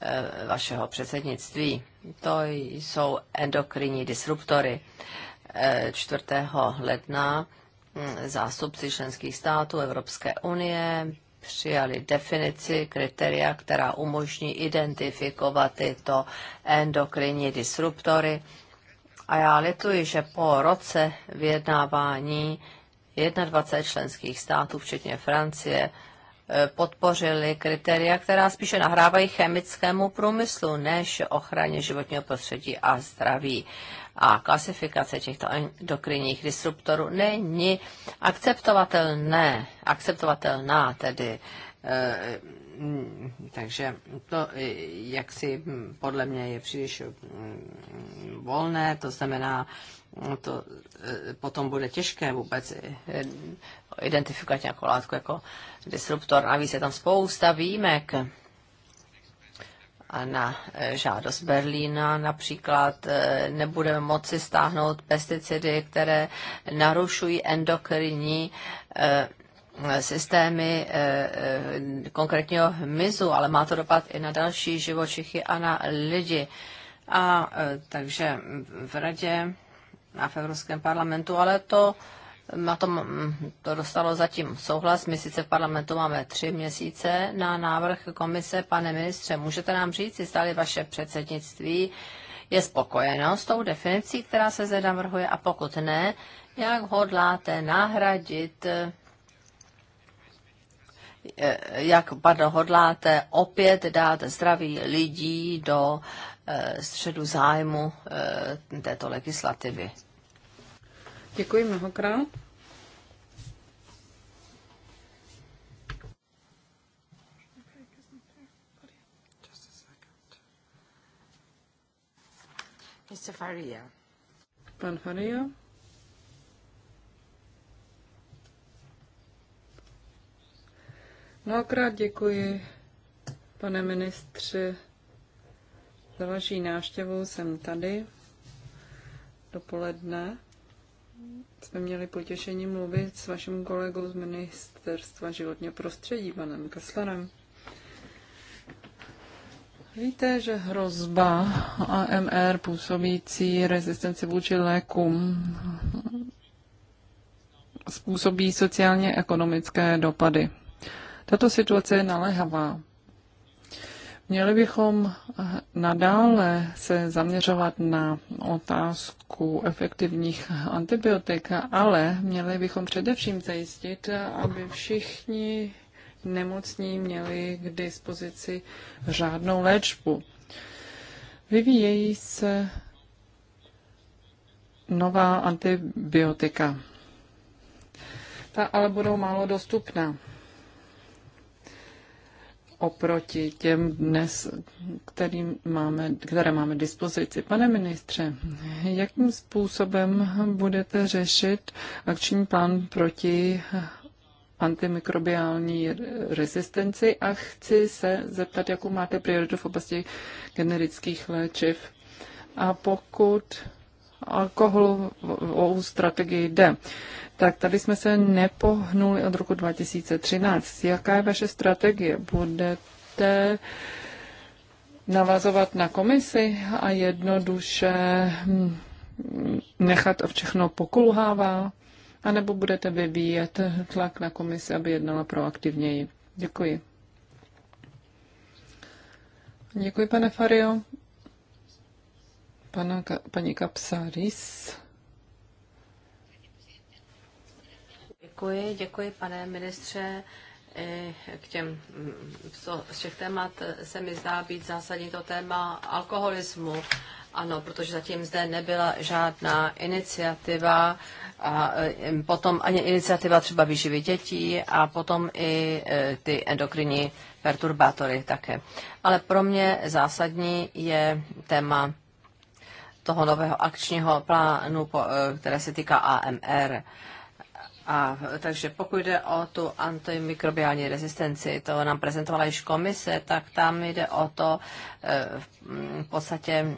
eh, vašeho předsednictví. To jsou endokrinní disruptory. 4. Eh, ledna zástupci členských států Evropské unie přijali definici kritéria, která umožní identifikovat tyto endokrinní disruptory. A já lituji, že po roce vyjednávání 21 členských států, včetně Francie, eh, podpořili kritéria, která spíše nahrávají chemickému průmyslu než ochraně životního prostředí a zdraví a klasifikace těchto endokrinních disruptorů není akceptovatelné, akceptovatelná tedy. Eh, mm, takže to eh, jak si hm, podle mě je příliš hm, volné, to znamená, hm, to eh, potom bude těžké vůbec identifikovat nějakou látku jako disruptor. Navíc je tam spousta výjimek a na eh, žádost Berlína například eh, nebudeme moci stáhnout pesticidy, které narušují endokrinní eh, systémy konkrétního hmyzu, ale má to dopad i na další živočichy a na lidi. A takže v radě a v Evropském parlamentu, ale to na tom mm, to dostalo zatím souhlas. My sice v parlamentu máme tři měsíce na návrh komise. Pane ministře, můžete nám říct, jestli vaše předsednictví je spokojeno s tou definicí, která se zde navrhuje a pokud ne, jak hodláte nahradit eh, jak pardon, hodláte opět dát zdraví lidí do eh, středu zájmu eh, této legislativy. Děkuji mnohokrát. Mr. Faria. Pan Faria. Mnohokrát děkuji, pane ministře, za vaší návštěvu. Jsem tady dopoledne jsme měli potěšení mluvit s vaším kolegou z Ministerstva životního prostředí, panem Kaslerem. Víte, že hrozba AMR působící rezistenci vůči lékům způsobí sociálně ekonomické dopady. Tato situace je naléhavá Měli bychom nadále se zaměřovat na otázku efektivních antibiotik, ale měli bychom především zajistit, aby všichni nemocní měli k dispozici řádnou léčbu. Vyvíjejí se nová antibiotika. Ta ale budou málo dostupná oproti těm dnes, kterým máme, které máme dispozici. Pane ministře, jakým způsobem budete řešit akční plán proti antimikrobiální rezistenci a chci se zeptat, jakou máte prioritu v oblasti generických léčiv. A pokud alkoholu, o strategii D. Tak tady jsme se nepohnuli od roku 2013. Jaká je vaše strategie? Budete navazovat na komisi a jednoduše hm, nechat všechno pokulhává? A nebo budete vyvíjet tlak na komisi, aby jednala proaktivněji? Děkuji. Děkuji, pane Fario pana, paní Kapsaris. Děkuji, děkuji, pane ministře. K těm, mm, z těch témat se mi zdá být zásadní to téma alkoholismu. Ano, protože zatím zde nebyla žádná iniciativa, a e, potom ani iniciativa třeba výživy dětí a potom i e, ty endokrinní perturbátory také. Ale pro mě zásadní je téma toho nového akčního plánu, eh, které se týká AMR. A takže pokud jde o tu antimikrobiální rezistenci, to nám prezentovala již komise, tak tam jde o to e, mm, v podstatě mm,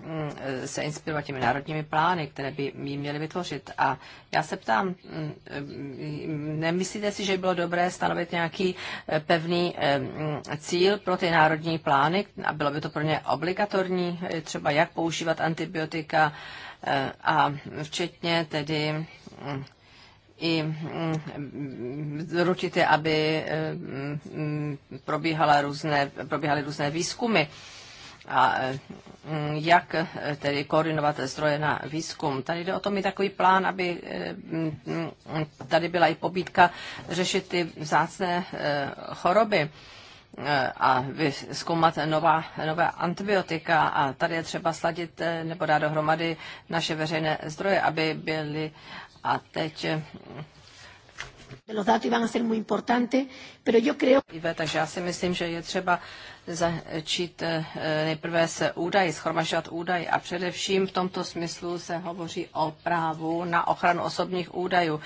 se inspirovat těmi národními plány, které by jí měly vytvořit. A já se ptám, mm, nemyslíte si, že by bylo dobré stanovit nějaký e, pevný e, cíl pro ty národní plány a bylo by to pro ně obligatorní, třeba jak používat antibiotika a včetně tedy i je, mm, mm, aby mm, probíhala různé, probíhaly různé výzkumy. A jak tedy koordinovat zdroje na výzkum? Tady jde o to mít takový plán, aby tady byla i pobídka řešit ty vzácné eh, choroby eh, a vyzkoumat nová, nová antibiotika a tady je třeba sladit eh, nebo dát dohromady naše veřejné zdroje, aby byly a teď eh, Los datos iban a ser muy importantes, pero yo creo... Takže já si myslím, že je třeba začít eh, nejprve s údaji, schromažďovat údaj a především v tomto smyslu se hovoří o právu na ochranu osobních údajů.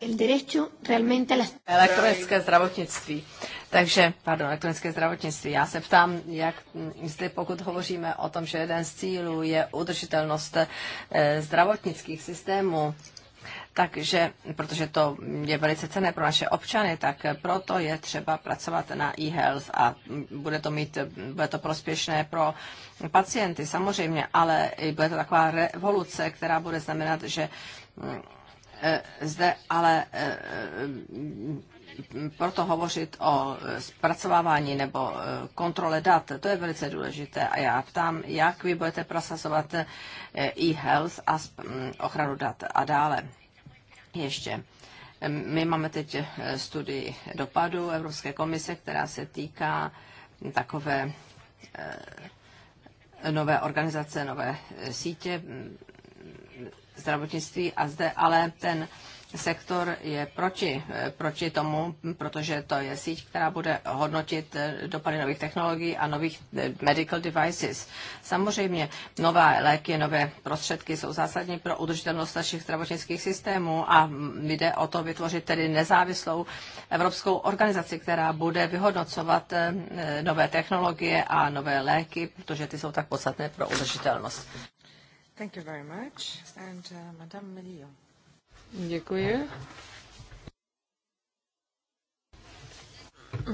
El derecho realmente Elektronické zdravotnictví. Takže, pardon, elektronické zdravotnictví. Já se ptám, jak mm, jestli pokud hovoříme o tom, že jeden z cílů je udržitelnost eh, zdravotnických systémů, takže, protože to je velice cené pro naše občany, tak proto je třeba pracovat na e-health a bude to mít, bude to prospěšné pro pacienty samozřejmě, ale bude to taková revoluce, která bude znamenat, že eh, zde ale eh, proto hovořit o zpracovávání nebo eh, kontrole dat, to je velice důležité. A já ptám, jak vy budete prosazovat e-health a mm, ochranu dat a dále ještě. My máme teď eh, studii dopadu Evropské komise, která se týká takové eh, nové organizace, nové eh, sítě mm, zdravotnictví a zde ale ten sektor je proti, proti tomu, protože to je síť, která bude hodnotit dopady nových technologií a nových eh, medical devices. Samozřejmě nové léky, nové prostředky jsou zásadní pro udržitelnost našich zdravotnických systémů a jde o to vytvořit tedy nezávislou evropskou organizaci, která bude vyhodnocovat eh, nové technologie a nové léky, protože ty jsou tak podstatné pro udržitelnost. Thank you very much. And, uh, Madame Melio. Děkuji.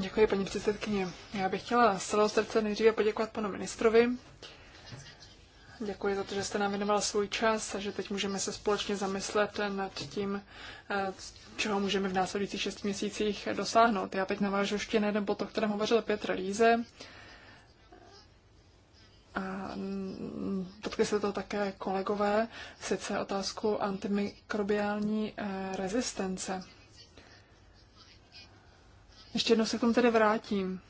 Děkuji, paní předsedkyně. Já bych chtěla z celého srdce nejdříve poděkovat panu ministrovi. Děkuji za to, že jste nám věnoval svůj čas a že teď můžeme se společně zamyslet nad tím, eh, čeho můžeme v následujících šesti měsících dosáhnout. Já teď navážu ještě na jeden bod, o kterém hovořil Petr Líze a dotkli mm, se to také kolegové, sice otázku antimikrobiální eh, rezistence. Ještě jednou se k tomu tedy vrátím.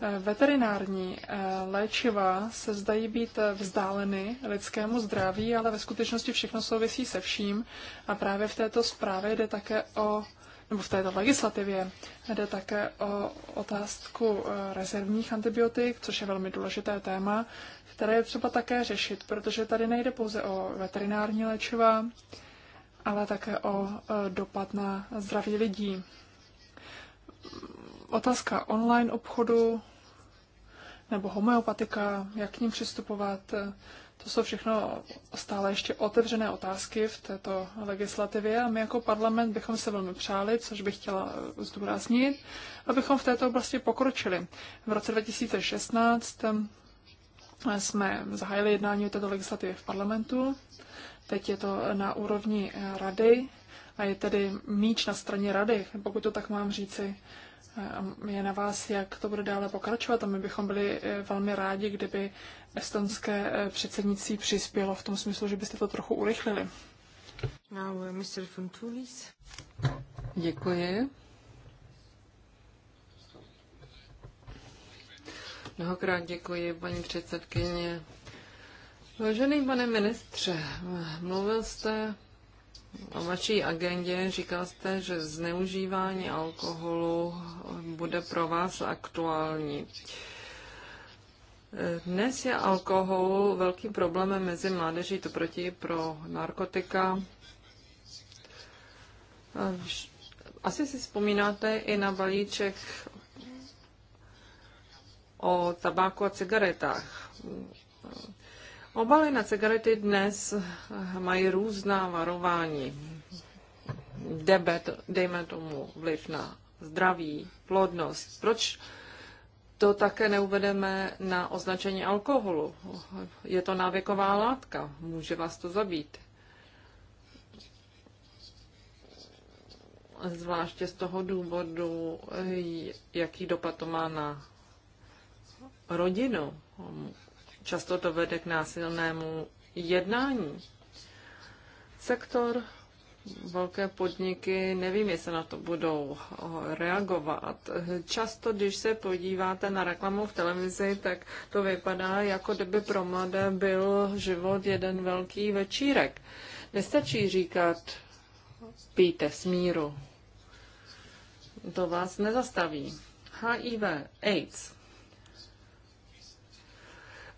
Eh, veterinární eh, léčiva se zdají být vzdáleny lidskému zdraví, ale ve skutečnosti všechno souvisí se vším. A právě v této zprávě jde také o nebo v této legislativě. Jde také o otázku eh, rezervních antibiotik, což je velmi důležité téma, které je třeba také řešit, protože tady nejde pouze o veterinární léčiva, ale také o eh, dopad na zdraví lidí. Otázka online obchodu nebo homeopatika, jak k ním přistupovat, to jsou všechno stále ještě otevřené otázky v této legislativě a my jako parlament bychom se velmi přáli, což bych chtěla zdůraznit, abychom v této oblasti pokročili. V roce 2016 jsme zahájili jednání o této legislativě v parlamentu. Teď je to na úrovni rady a je tedy míč na straně rady, pokud to tak mám říci. Je na vás, jak to bude dále pokračovat a my bychom byli eh, velmi rádi, kdyby estonské eh, předsednictví přispělo v tom smyslu, že byste to trochu urychlili. Now, eh, Mr. Funtulis. Děkuji. Mnohokrát děkuji, paní předsedkyně. Vážený pane ministře, mluvil jste o vaší agendě říkal jste, že zneužívání alkoholu bude pro vás aktuální. Dnes je alkohol velkým problémem mezi mládeží, to proti pro narkotika. Asi si vzpomínáte i na balíček o tabáku a cigaretách. Obaly na cigarety dnes mají různá varování. Debet, dejme tomu, vliv na zdraví, plodnost. Proč to také neuvedeme na označení alkoholu? Je to návyková látka, může vás to zabít. Zvláště z toho důvodu, jaký dopad to má na rodinu. Často to vede k násilnému jednání. Sektor, velké podniky, nevím, jestli na to budou reagovat. Často, když se podíváte na reklamu v televizi, tak to vypadá, jako kdyby pro mladé byl život jeden velký večírek. Nestačí říkat, pijte smíru. To vás nezastaví. HIV, AIDS,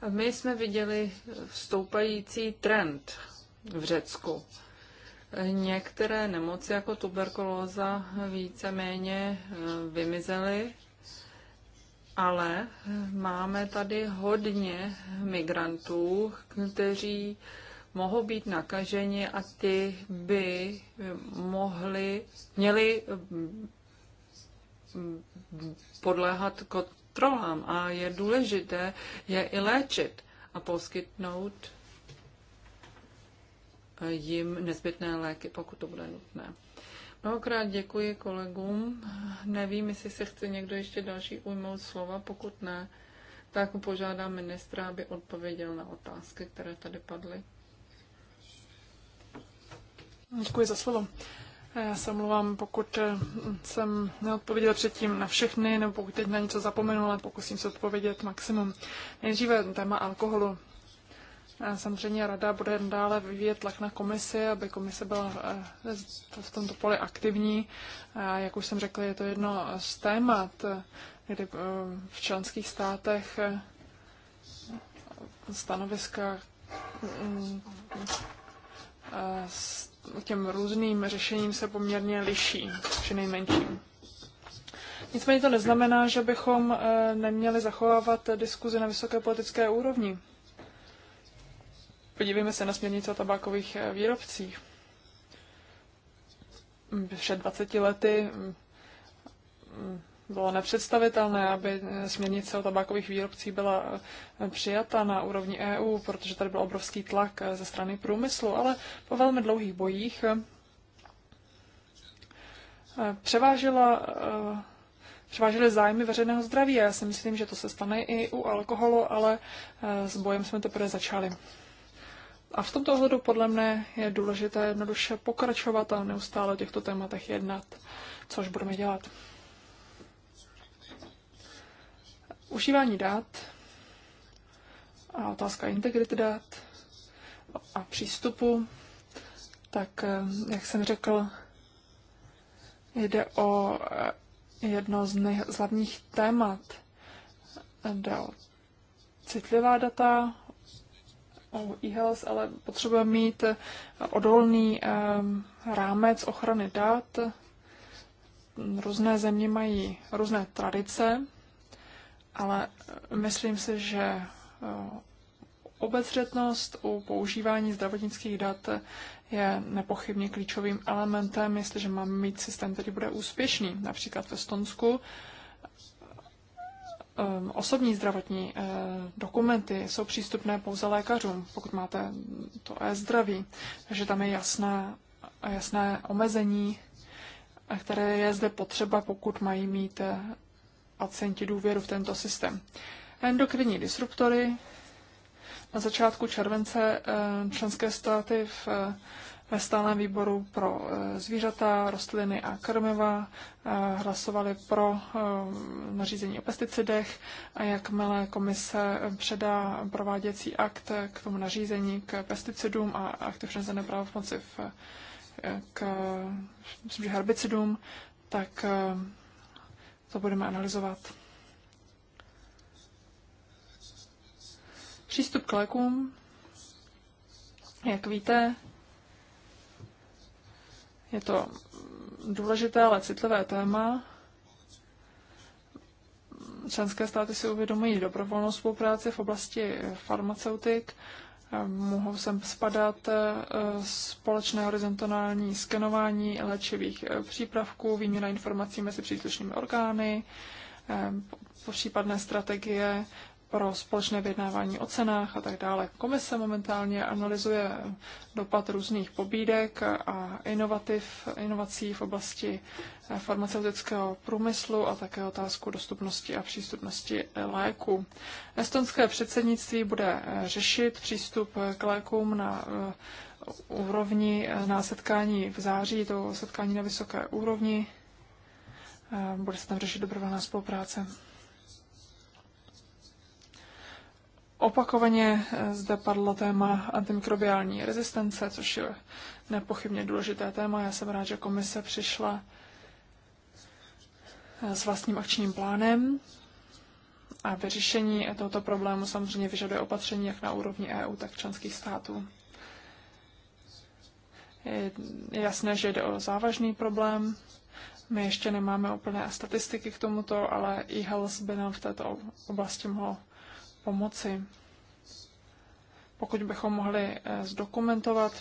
my jsme viděli stoupající trend v Řecku. Některé nemoci jako tuberkulóza víceméně eh, vymizely, ale máme tady hodně migrantů, kteří mohou být nakaženi a ty by mohli, měli mm, podléhat kontrolám a je důležité je i léčit a poskytnout eh, jim nezbytné léky, pokud to bude nutné. Mnohokrát děkuji kolegům. Nevím, jestli se chce někdo ještě další ujmout slova. Pokud ne, tak požádám ministra, aby odpověděl na otázky, které tady padly. Děkuji za slovo. Já se omlouvám, pokud eh, jsem neodpověděl předtím na všechny, nebo pokud teď na něco zapomenu, ale pokusím se odpovědět maximum. Nejdříve téma alkoholu. Samozřejmě rada bude dále vyvíjet tlak na komisi, aby komise byla eh, v tomto poli aktivní. A jak už jsem řekla, je to jedno z témat, kdy eh, v členských státech stanoviska mm, těm různým řešením se poměrně liší, při nejmenším. Nicméně to neznamená, že bychom eh, neměli zachovávat diskuzi na vysoké politické úrovni. Podívejme se na směrnice o tabákových eh, výrobcích. Před 20 lety mm, mm, bylo nepředstavitelné, aby eh, směrnice o tabákových výrobcích byla eh, přijata na úrovni EU, protože tady byl obrovský tlak eh, ze strany průmyslu, ale po velmi dlouhých bojích převážila převážily zájmy veřejného zdraví. A já si myslím, že to se stane i u alkoholu, ale s bojem jsme teprve začali. A v tomto ohledu podle mne je důležité jednoduše pokračovat a neustále o těchto tématech jednat, což budeme dělat. Užívání dat a otázka integrity dat a přístupu, tak eh, jak jsem řekl, jde o eh, jedno z, nej- z hlavních témat. Jde o citlivá data, o e-health, ale potřebujeme mít eh, odolný um, rámec ochrany dat. Různé země mají různé tradice ale eh, myslím si, že eh, obezřetnost u používání zdravotnických dat eh, je nepochybně klíčovým elementem, jestliže máme mít systém, který bude úspěšný, například ve Stonsku. Osobní zdravotní dokumenty jsou přístupné pouze lékařům, pokud máte to e-zdraví. Takže tam je jasné, jasné omezení, které je zde potřeba, pokud mají mít pacienti důvěru v tento systém. Endokrinní disruptory. Na začátku července eh, členské státy v, eh, ve stálém výboru pro eh, zvířata, rostliny a krmiva hlasovali pro nařízení o pesticidech a jakmile komise předá prováděcí akt k tomu nařízení k pesticidům a akty přenesené právo v, k myslím, herbicidům, tak to budeme analyzovat. Přístup k lékům, jak víte, je to důležité, ale citlivé téma. Členské státy si uvědomují dobrovolnou spolupráci v oblasti farmaceutik mohou sem spadat e, společné horizontální skenování léčivých e, přípravků, výměna informací mezi příslušnými orgány, e, případné strategie pro společné vyjednávání o cenách a tak dále. Komise momentálně analyzuje dopad různých pobídek a inovativ, inovací v oblasti farmaceutického průmyslu a také otázku dostupnosti a přístupnosti léku. Estonské předsednictví bude řešit přístup k lékům na eh, úrovni eh, na setkání v září, to setkání na vysoké úrovni. Eh, bude se tam řešit dobrovolná spolupráce. Opakovaně eh, zde padlo téma antimikrobiální rezistence, což je nepochybně důležité téma. Já jsem rád, že komise přišla eh, s vlastním akčním plánem a vyřešení tohoto problému samozřejmě vyžaduje opatření jak na úrovni EU, tak členských států. Je jasné, že jde o závažný problém. My ještě nemáme úplné statistiky k tomuto, ale e-health by nám v této oblasti mohlo pomoci. Pokud bychom mohli eh, zdokumentovat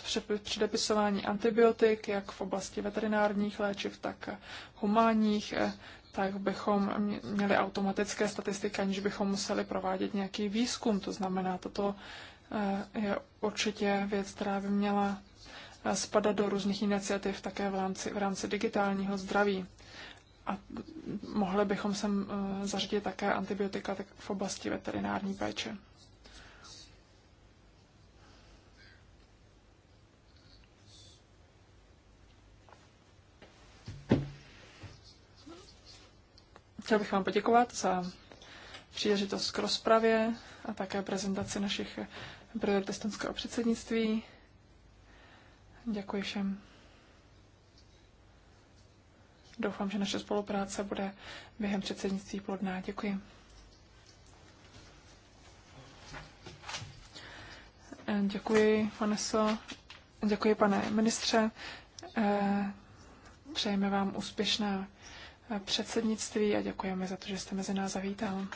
předepisování antibiotik, jak v oblasti veterinárních léčiv, tak eh, humánních, eh, tak bychom měli automatické statistiky, aniž bychom museli provádět nějaký výzkum. To znamená, toto je určitě věc, která by měla spadat do různých iniciativ také v rámci, v rámci digitálního zdraví. A mohli bychom sem eh, zařadit také antibiotika tak v oblasti veterinární péče. Chtěl bych vám poděkovat za příležitost k rozpravě a také prezentaci našich priorit předsednictví. Děkuji všem. Doufám, že naše spolupráce bude během předsednictví plodná. Děkuji. Děkuji, Vaneso. Děkuji, pane ministře. Přejeme vám úspěšné předsednictví a děkujeme za to, že jste mezi nás zavítal.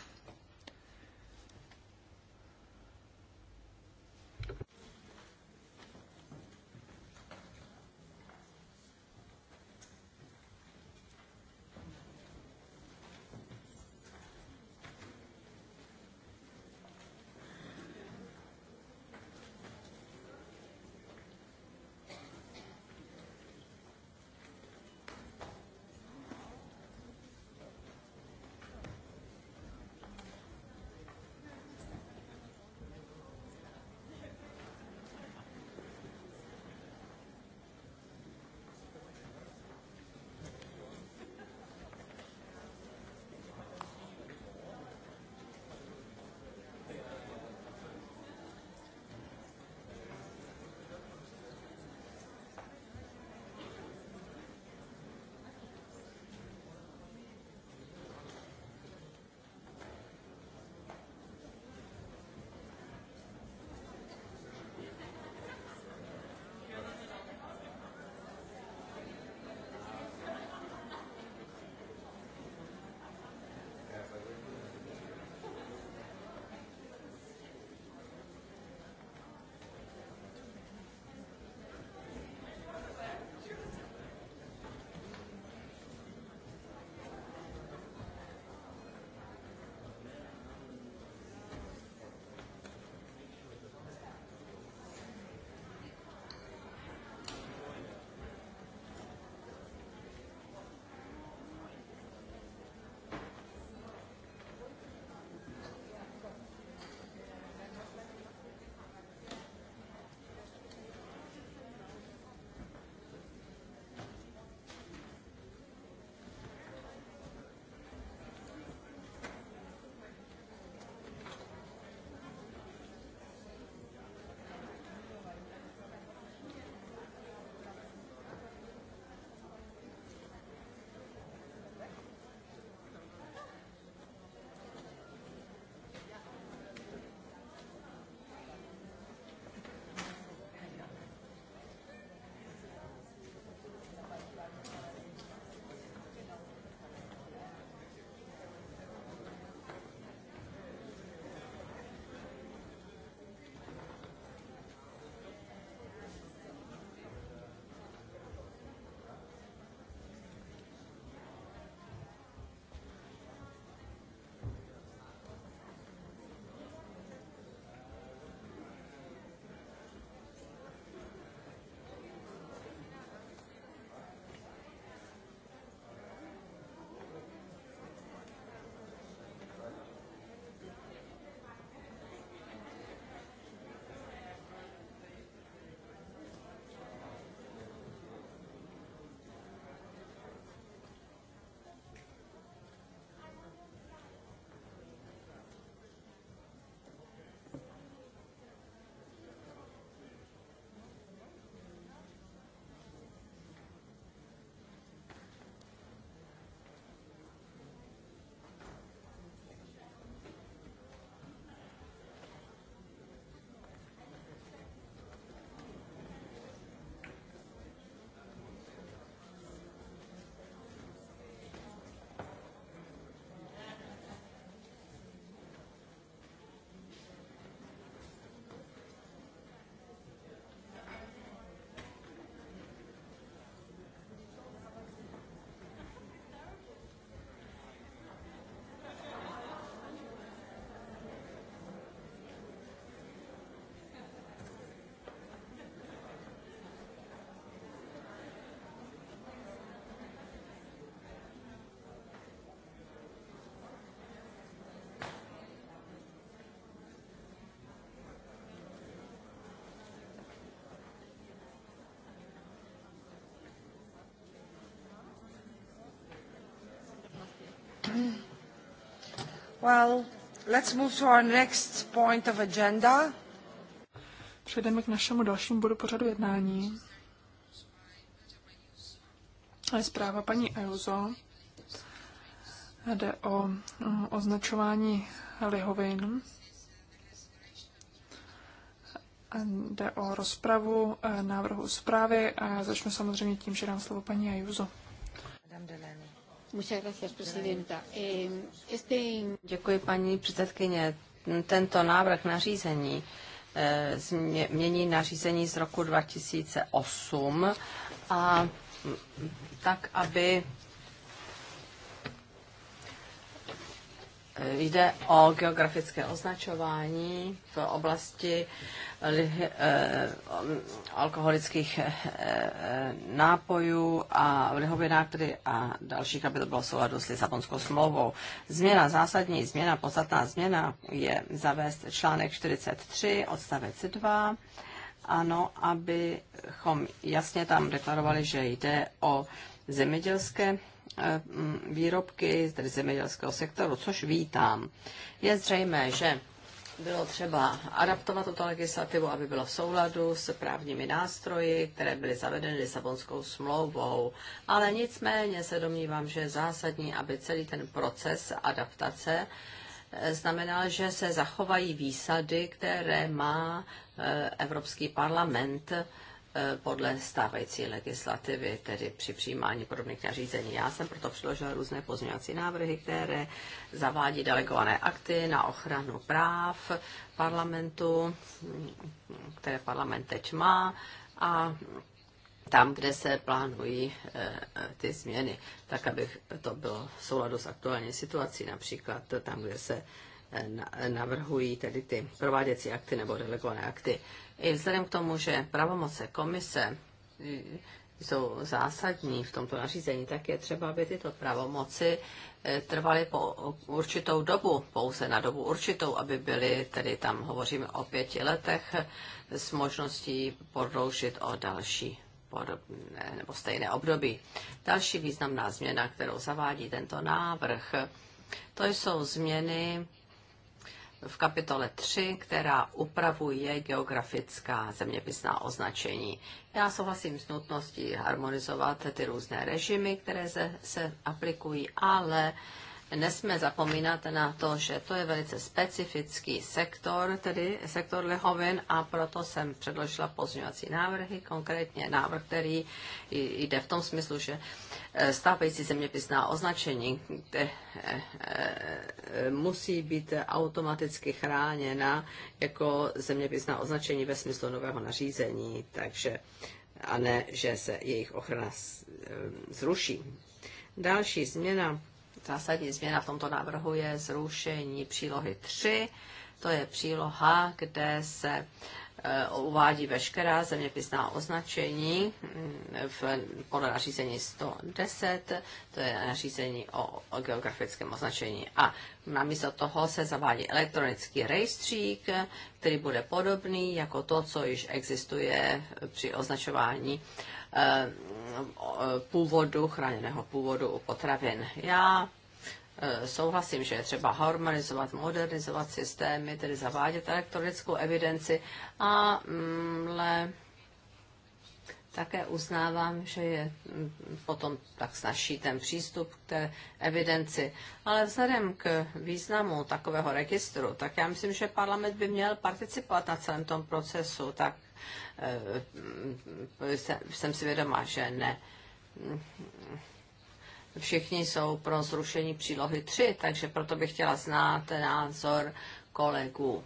Well, let's move to our next point of agenda. Přejdeme k našemu dalšímu bodu pořadu jednání. To je zpráva paní Ayuso. Jde o mm, označování lihovin. Jde o rozpravu eh, návrhu zprávy a já začnu samozřejmě tím, že dám slovo paní Ayuso. Eh, Děkuji, paní předsedkyně. Tento návrh nařízení eh, mění nařízení z roku 2008 a tak, aby Eh, jde o geografické označování v oblasti eh, eh, alkoholických nápojů a lihově nápady a dalších, aby to bylo v souladu s Lisabonskou smlouvou. Změna, zásadní změna, podstatná změna je zavést článek 43 odstavec 2 ano, abychom jasně tam deklarovali, že jde o zemědělské Eh, výrobky z zemědělského sektoru, což vítám. Je zřejmé, že bylo třeba adaptovat tuto legislativu, aby bylo v souladu s právními nástroji, které byly zavedeny Lisabonskou smlouvou. Ale nicméně se domnívám, že je zásadní, aby celý ten proces adaptace eh, znamenal, že se zachovají výsady, které má eh, Evropský parlament E, podle stávající legislativy, tedy při přijímání podobných nařízení. Já jsem proto přiložil různé pozměňovací návrhy, které zavádí delegované akty na ochranu práv parlamentu, které parlament teď má a tam, kde se plánují e, ty změny, tak aby to bylo v souladu s aktuální situací, například tam, kde se navrhují tedy ty prováděcí akty nebo delegované akty. I vzhledem k tomu, že pravomoce komise eh, jsou zásadní v tomto nařízení, tak je třeba, aby tyto pravomoci eh, trvaly po určitou dobu, pouze na dobu určitou, aby byly, tedy tam hovoříme o pěti letech, s možností prodloužit o další podobné nebo stejné období. Další významná změna, kterou zavádí tento návrh, to jsou změny v kapitole 3, která upravuje geografická zeměpisná označení. Já souhlasím s nutností harmonizovat ty různé režimy, které se, se aplikují, ale nesmíme zapomínat na to, že to je velice specifický sektor, tedy sektor lehovin a proto jsem předložila pozměňovací návrhy, konkrétně návrh, který jde v tom smyslu, že Eh, stávající zeměpisná označení te, eh, eh, musí být automaticky chráněna jako zeměpisná označení ve smyslu nového nařízení, takže a ne, že se jejich ochrana zruší. Další změna, zásadní změna v tomto návrhu je zrušení přílohy 3, to je příloha, kde se Eh, uvádí veškerá zeměpisná označení mm, v, podle nařízení 110, to je nařízení o, o geografickém označení. A namísto toho se zavádí elektronický rejstřík, který bude podobný jako to, co již existuje při označování eh, eh, původu, chráněného původu u potravin. Já Eh, souhlasím, že je třeba harmonizovat, modernizovat systémy, tedy zavádět elektronickou evidenci, ale také uznávám, že je mm, potom tak snažší ten přístup k té evidenci. Ale vzhledem k významu takového registru, tak já myslím, že parlament by měl participovat na celém tom procesu, tak eh, mm, jsem si vědoma, že ne všichni jsou pro zrušení přílohy 3, takže proto bych chtěla znát názor kolegů.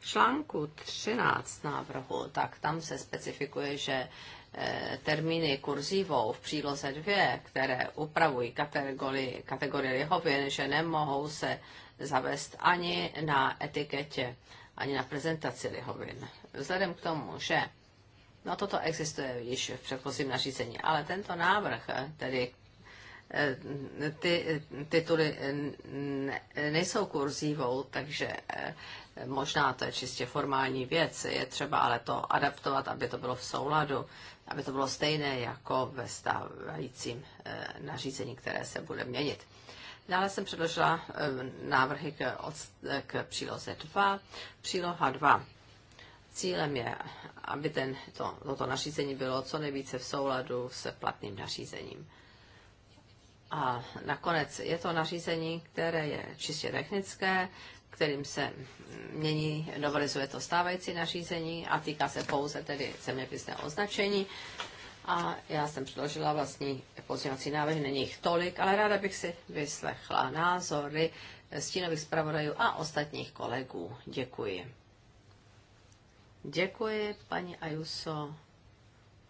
V článku 13 návrhu, tak tam se specifikuje, že eh, termíny kurzívou v příloze 2, které upravují kategorii, kategorii lihovin, že nemohou se zavést ani na etiketě, ani na prezentaci lihovin. Vzhledem k tomu, že No toto existuje již v předchozím nařízení, ale tento návrh, tedy eh, ty tituly nejsou kurzívou, takže eh, možná to je čistě formální věc, je třeba ale to adaptovat, aby to bylo v souladu, aby to bylo stejné jako ve stávajícím eh, nařízení, které se bude měnit. Dále jsem předložila návrhy k, k příloze 2. Příloha 2 Cílem je, aby ten, to, toto nařízení bylo co nejvíce v souladu s platným nařízením. A nakonec je to nařízení, které je čistě technické, kterým se mění, novelizuje to stávající nařízení a týká se pouze tedy zeměpisné označení. A já jsem předložila vlastní pozměňovací návrhy, není jich tolik, ale ráda bych si vyslechla názory stínových zpravodajů a ostatních kolegů. Děkuji. Děkuji, paní Ajuso.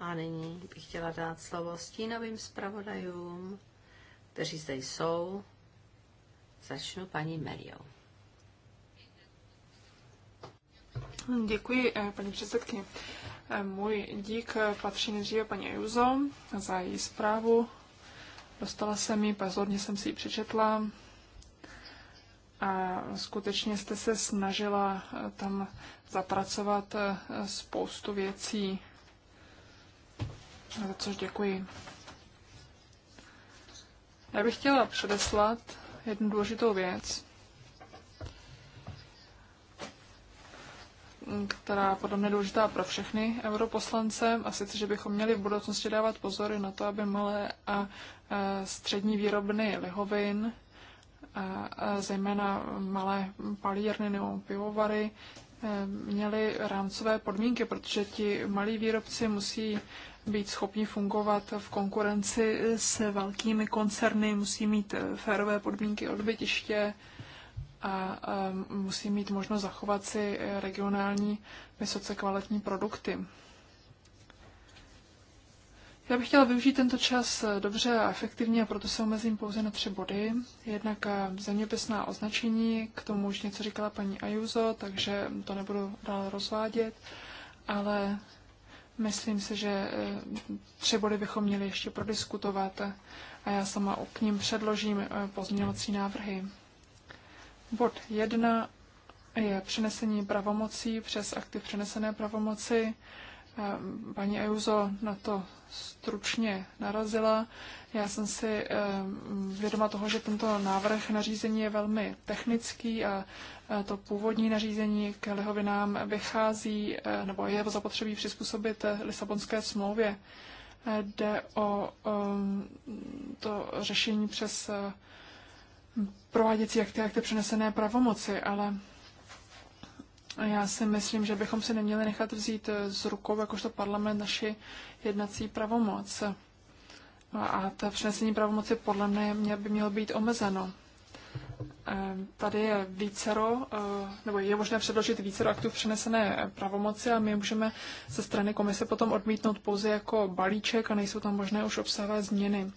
A nyní bych chtěla dát slovo stínovým zpravodajům, kteří zde jsou. Začnu paní Meriou. Děkuji, eh, paní předsedkyně. Eh, můj dík eh, patří nejdříve paní Ajuso za její zprávu. Dostala jsem ji, pozorně jsem si ji přečetla a skutečně jste se snažila eh, tam zapracovat eh, spoustu věcí, za což děkuji. Já bych chtěla předeslat jednu důležitou věc, která podle mě důležitá pro všechny europoslance, a sice, že bychom měli v budoucnosti dávat pozory na to, aby malé a eh, střední výrobny lihovin zejména malé palírny nebo pivovary eh, měly rámcové podmínky, protože ti malí výrobci musí být schopni fungovat v konkurenci s velkými koncerny, musí mít eh, férové podmínky odbytiště a musí mít možnost zachovat si regionální vysoce kvalitní produkty. Já bych chtěla využít tento čas eh, dobře a efektivně, a proto se omezím pouze na tři body. Jednak eh, zeměpisná označení, k tomu už něco říkala paní Ajuzo, takže to nebudu dál rozvádět, ale myslím si, že eh, tři body bychom měli ještě prodiskutovat a já sama k ním předložím pozměňovací návrhy. Bod jedna je přenesení pravomocí přes aktiv přenesené pravomoci. Paní Euzo na to stručně narazila. Já jsem si eh, vědoma toho, že tento návrh nařízení je velmi technický a to původní nařízení k lihovinám vychází eh, nebo je zapotřebí přizpůsobit Lisabonské smlouvě. Eh, jde o to řešení přes prováděcí akty, akty přenesené pravomoci, ale já si myslím, že bychom se neměli nechat vzít eh, z rukou, jakožto parlament, naši jednací pravomoc. No a ta přenesení pravomoci podle mě by mělo být omezeno. Ehm, tady je vícero, eh, nebo je možné předložit vícero aktů přenesené eh, pravomoci a my můžeme ze strany komise potom odmítnout pouze jako balíček a nejsou tam možné už obsahové změny.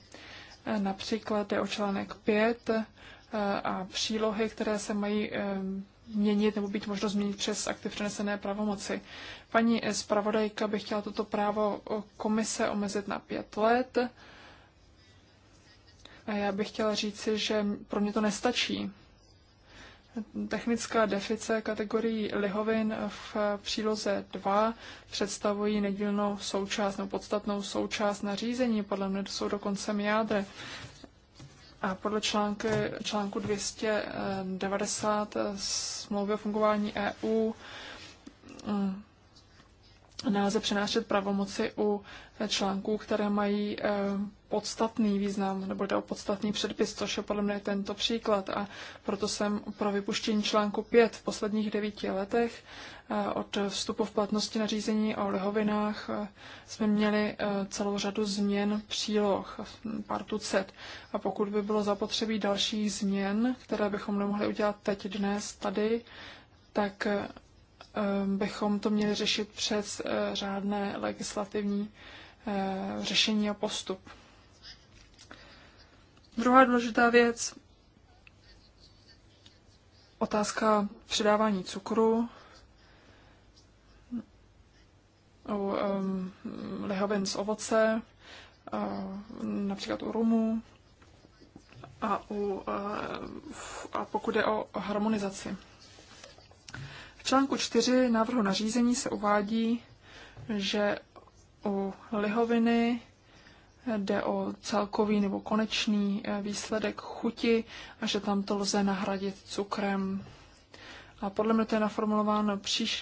Například je o článek 5 a přílohy, které se mají ehm, měnit nebo být možno změnit přes akty přenesené pravomoci. Paní zpravodajka by chtěla toto právo komise omezit na pět let. A já bych chtěla říci, že pro mě to nestačí. Technická defice kategorii lihovin v příloze 2 představují nedílnou součást nebo podstatnou součást nařízení, podle mě jsou dokonce jádre. A Podle články, článku 290 smlouvy o fungování EU mm, nelze přenášet pravomoci u článků, které mají eh, podstatný význam, nebo jde o podstatný předpis, což je podle mě tento příklad. A proto jsem pro vypuštění článku 5 v posledních devíti letech eh, od vstupu v platnosti nařízení o lihovinách eh, jsme měli celou řadu změn příloh, pár tucet. A pokud by bylo zapotřebí dalších změn, které bychom nemohli udělat teď dnes tady, tak Ehm, bychom to měli řešit přes eh, řádné legislativní eh, řešení a postup. Druhá důležitá věc, otázka předávání cukru u um, lihovin z ovoce, uh, například u rumu a, u, uh, a pokud je o harmonizaci článku 4 návrhu nařízení se uvádí, že u lihoviny jde o celkový nebo konečný eh, výsledek chuti a že tam to lze nahradit cukrem. A podle mě to je naformulováno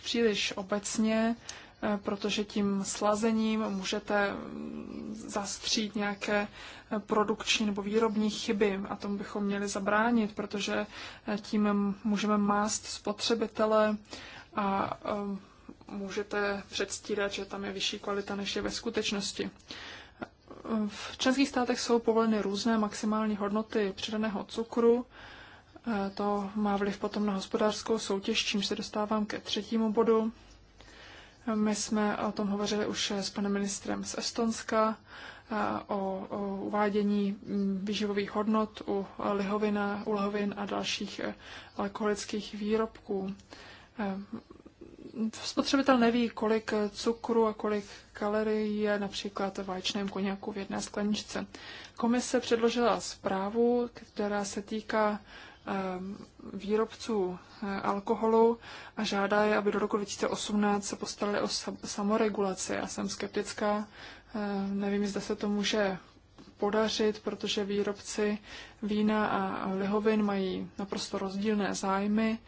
příliš obecně Eh, protože tím slazením můžete mm, zastřít nějaké eh, produkční nebo výrobní chyby a tomu bychom měli zabránit, protože eh, tím můžeme mást spotřebitele a můžete předstírat, že tam je vyšší kvalita, než je ve skutečnosti. V členských státech jsou povoleny různé maximální hodnoty přidaného cukru. To má vliv potom na hospodářskou soutěž, čímž se dostávám ke třetímu bodu. My jsme o tom hovořili už s panem ministrem z Estonska o, uvádění výživových hodnot u, lihovina, u lihovin a dalších e, alkoholických výrobků. E, spotřebitel neví, kolik cukru a kolik kalorií je například v vaječném koněku v jedné skleničce. Komise předložila zprávu, která se týká Ehm, výrobců eh, alkoholu a žádá je, aby do roku 2018 se postarali o samoregulaci. Já jsem skeptická, ehm, nevím, zda se to může podařit, protože výrobci vína a lihovin mají naprosto rozdílné zájmy,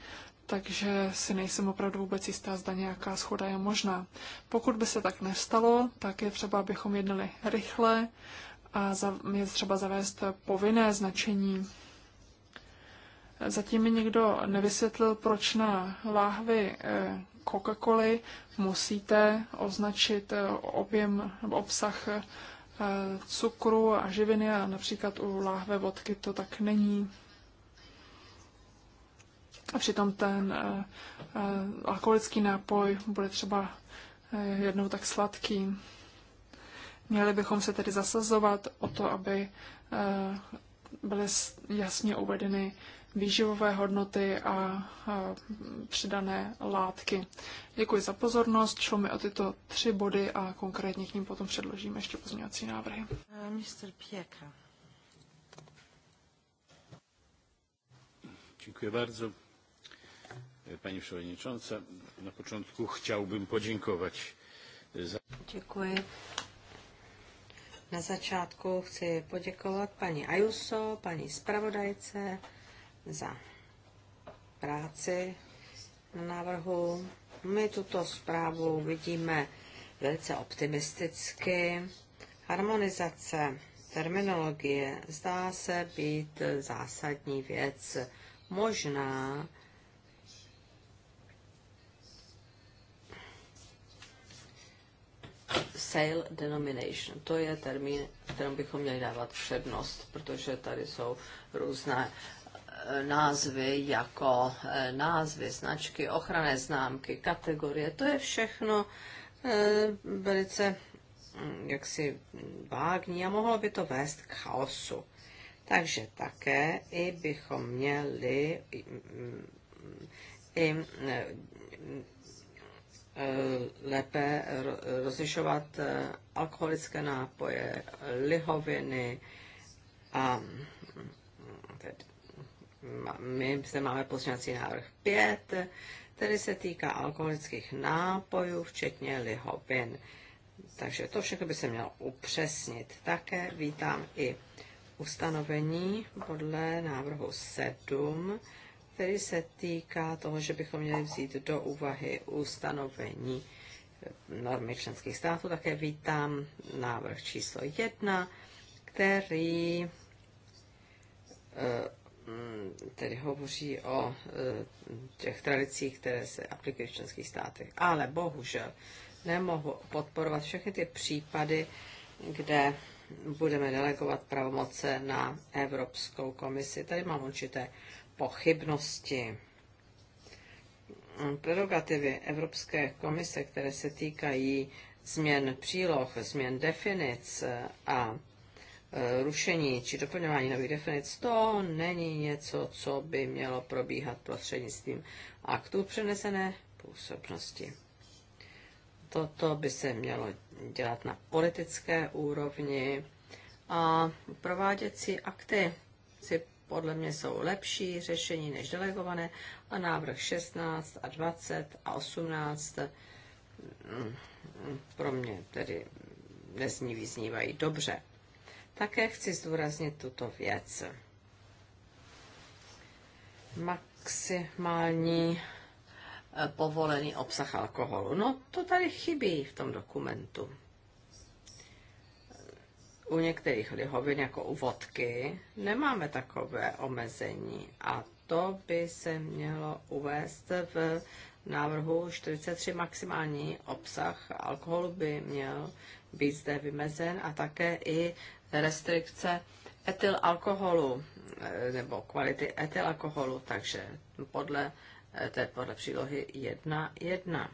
takže si nejsem opravdu vůbec jistá, zda nějaká schoda je možná. Pokud by se tak nestalo, tak je třeba, abychom jednali rychle a je třeba zavést povinné značení Zatím mi nikdo nevysvětlil, proč na láhvi eh, coca coly musíte označit eh, objem nebo obsah eh, cukru a živiny a například u láhve vodky to tak není. A přitom ten alkoholický nápoj bude třeba jednou tak sladký. Měli bychom se tedy zasazovat o to, aby byly jasně uvedeny výživové hodnoty a přidané látky. Děkuji za pozornost, šlo mi o tyto tři body a konkrétně k ním potom předložím ještě pozměňovací návrhy. Eh, Mr. Pěka. Dziękuję bardzo. Eh, pani Przewodnicząca, na początku chciałbym podziękować za... Dziękuję. Na začátku chcę poděkovat paní Ajuso, paní Sprawodajce za práci na návrhu. My tuto zprávu vidíme velice optimisticky. Harmonizace terminologie zdá se být zásadní věc. Možná sale denomination. To je termín, kterým bychom měli dávat přednost, protože tady jsou různé názvy jako eh, názvy, značky, ochranné známky, kategorie, to je všechno eh, velice mm, jaksi vágní a mohlo by to vést k chaosu. Takže také i bychom měli i, mm, eh, lépe rozlišovat alkoholické nápoje, lihoviny a mm, tedy my zde máme pozměňovací návrh 5, který se týká alkoholických nápojů, včetně lihovin. Takže to všechno by se mělo upřesnit. Také vítám i ustanovení podle návrhu 7, který se týká toho, že bychom měli vzít do úvahy ustanovení normy členských států. Také vítám návrh číslo 1, který eh, Mm, tedy hovoří o e, těch tradicích, které se aplikují v členských státech. Ale bohužel nemohu podporovat všechny ty případy, kde budeme delegovat pravomoce na Evropskou komisi. Tady mám určité pochybnosti. Mm, prerogativy Evropské komise, které se týkají změn příloh, změn definic e, a Eh, rušení či doplňování nových definic, to není něco, co by mělo probíhat prostřednictvím aktů přenesené působnosti. Toto by se mělo dělat na politické úrovni a prováděcí akty si podle mě jsou lepší řešení než delegované a návrh 16 a 20 a 18 mm, pro mě tedy nezní, vyznívají dobře. Také chci zdůraznit tuto věc. Maximální eh, povolený obsah alkoholu. No, to tady chybí v tom dokumentu. U některých lihovin, jako u vodky, nemáme takové omezení a to by se mělo uvést v návrhu 43 maximální obsah alkoholu by měl být zde vymezen a také i restrikce etyl alkoholu eh, nebo kvality etyl alkoholu, takže podle, eh, to je podle přílohy 1.1.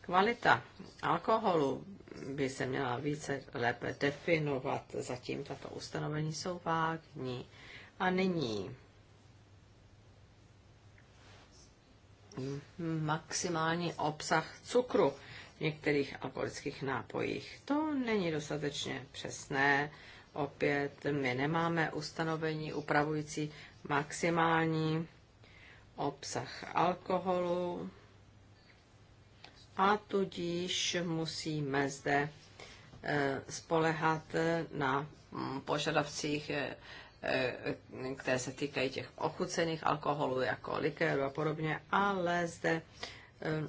Kvalita alkoholu by se měla více lépe definovat, zatím tato ustanovení jsou vágní. A nyní maximální obsah cukru některých alkoholických nápojích. To není dostatečně přesné. Opět my nemáme ustanovení upravující maximální obsah alkoholu a tudíž musíme zde e, spolehat na požadavcích, e, e, které se týkají těch ochucených alkoholů, jako likéru a podobně, ale zde Ehm,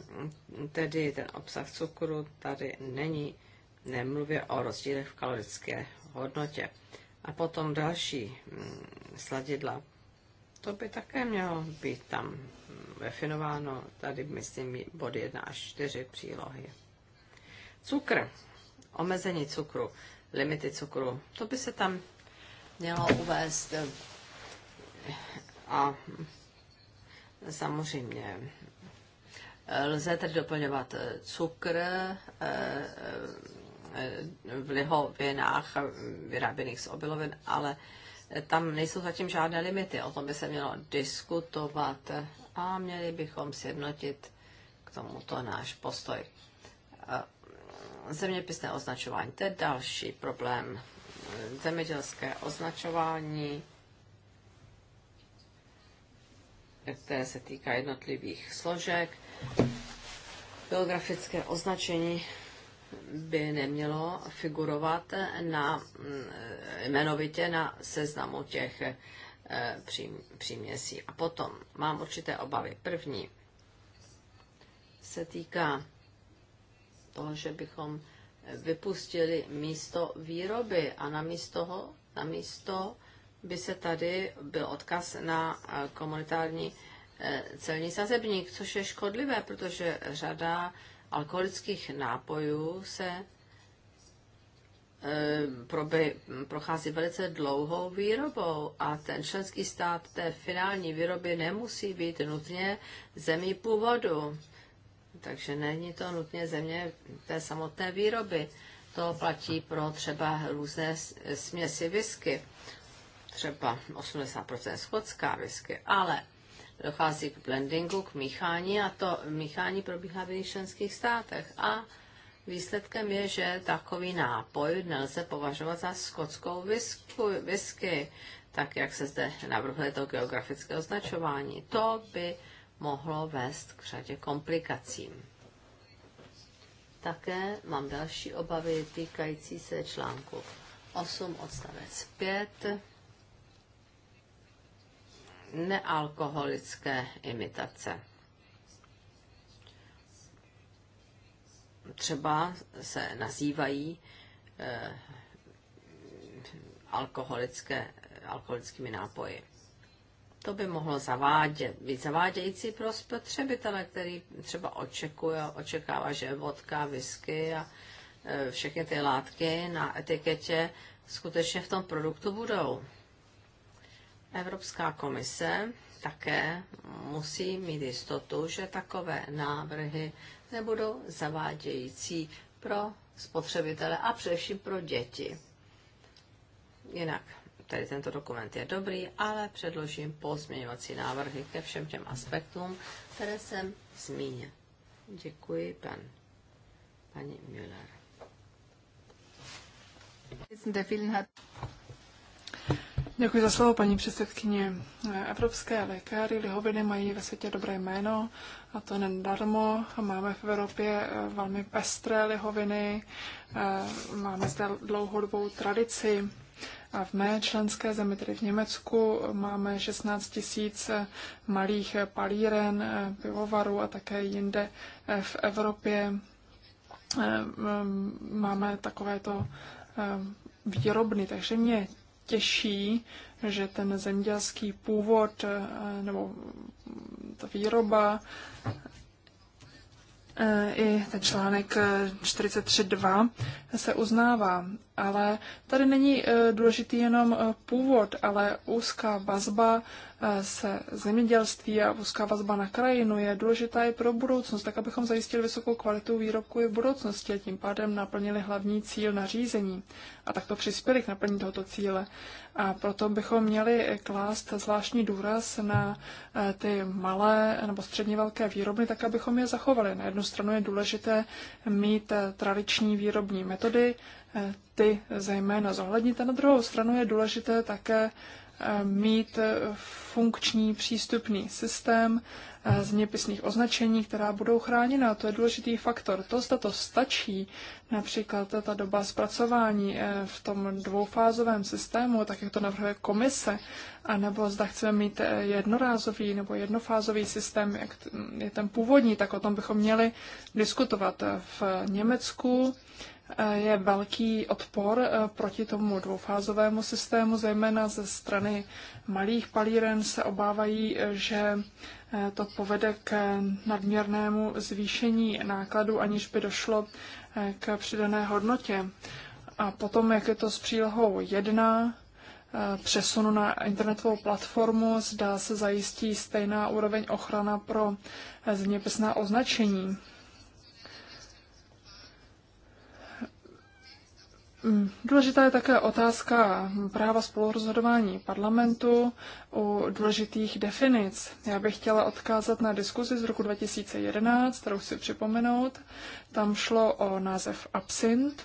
tedy ten obsah cukru tady není, nemluvě o rozdílech v kalorické hodnotě. A potom další mm, sladidla. To by také mělo být tam refinováno, mm, tady myslím bod 1 až 4 přílohy. Cukr, omezení cukru, limity cukru, to by se tam mělo uvést. A samozřejmě Lze tedy doplňovat eh, cukr eh, eh, v lihovinách vyráběných z obilovin, ale tam nejsou zatím žádné limity. O tom by se mělo diskutovat a měli bychom sjednotit k tomuto náš postoj. Zeměpisné označování, to je další problém. Zemědělské označování, které se týká jednotlivých složek biografické označení by nemělo figurovat na, mm, jmenovitě na seznamu těch eh, přím, příměsí. A potom mám určité obavy. První se týká toho, že bychom vypustili místo výroby a na místo, na místo by se tady byl odkaz na eh, komunitární Eh, celní sazebník, což je škodlivé, protože řada alkoholických nápojů se eh, proby, prochází velice dlouhou výrobou a ten členský stát té finální výroby nemusí být nutně zemí původu. Takže není to nutně země té samotné výroby. To platí pro třeba různé směsi whisky, třeba 80% schodská whisky, ale dochází k blendingu, k míchání a to míchání probíhá v členských státech. A výsledkem je, že takový nápoj nelze považovat za skotskou whisky, whisky tak jak se zde navrhuje to geografické označování. To by mohlo vést k řadě komplikacím. Také mám další obavy týkající se článku 8 odstavec 5 nealkoholické imitace. Třeba se nazývají eh, alkoholické, alkoholickými nápoji. To by mohlo zavádět, být zavádějící pro spotřebitele, který třeba očekuje, očekává, že vodka, whisky a eh, všechny ty látky na etiketě skutečně v tom produktu budou. Evropská komise také musí mít jistotu, že takové návrhy nebudou zavádějící pro spotřebitele a především pro děti. Jinak tady tento dokument je dobrý, ale předložím pozměňovací návrhy ke všem těm aspektům, které jsem zmínil. Děkuji, pan, paní Müller. Děkuji za slovo, paní předsedkyně. Evropské lékárny lihoviny mají ve světě dobré jméno a to nedarmo. Máme v Evropě eh, velmi pestré lihoviny, eh, máme zde dlouhodobou tradici a v mé členské zemi, tedy v Německu, máme 16 tisíc eh, malých palíren, pivovarů a také jinde v Evropě máme takovéto výrobny. Takže mě těší, že ten zemědělský původ eh, nebo ta výroba eh, i ten článek 43.2 eh, se uznává, ale tady není důležitý jenom původ, ale úzká vazba se zemědělství a úzká vazba na krajinu je důležitá i pro budoucnost, tak abychom zajistili vysokou kvalitu výrobku i v budoucnosti a tím pádem naplnili hlavní cíl nařízení a takto přispěli k naplnění tohoto cíle. A proto bychom měli klást zvláštní důraz na eh, ty malé nebo středně velké výrobny, tak abychom je zachovali. Na jednu stranu je důležité mít eh, tradiční výrobní metody, eh, ty zejména zohlednit a na druhou stranu je důležité také mít funkční přístupný systém eh, zeměpisných označení, která budou chráněna. To je důležitý faktor. To, zda to stačí, například ta doba zpracování eh, v tom dvoufázovém systému, tak jak to navrhuje komise, anebo zda chceme mít eh, jednorázový nebo jednofázový systém, jak je ten původní, tak o tom bychom měli diskutovat v Německu je velký odpor eh, proti tomu dvoufázovému systému, zejména ze strany malých palíren se obávají, eh, že eh, to povede k nadměrnému zvýšení nákladu, aniž by došlo k přidané hodnotě. A potom, jak je to s přílohou 1, přesunu na internetovou platformu, zda se zajistí stejná úroveň ochrana pro zeměpisná označení. Důležitá je také otázka práva spolurozhodování parlamentu u důležitých definic. Já bych chtěla odkázat na diskuzi z roku 2011, kterou si připomenout. Tam šlo o název absint.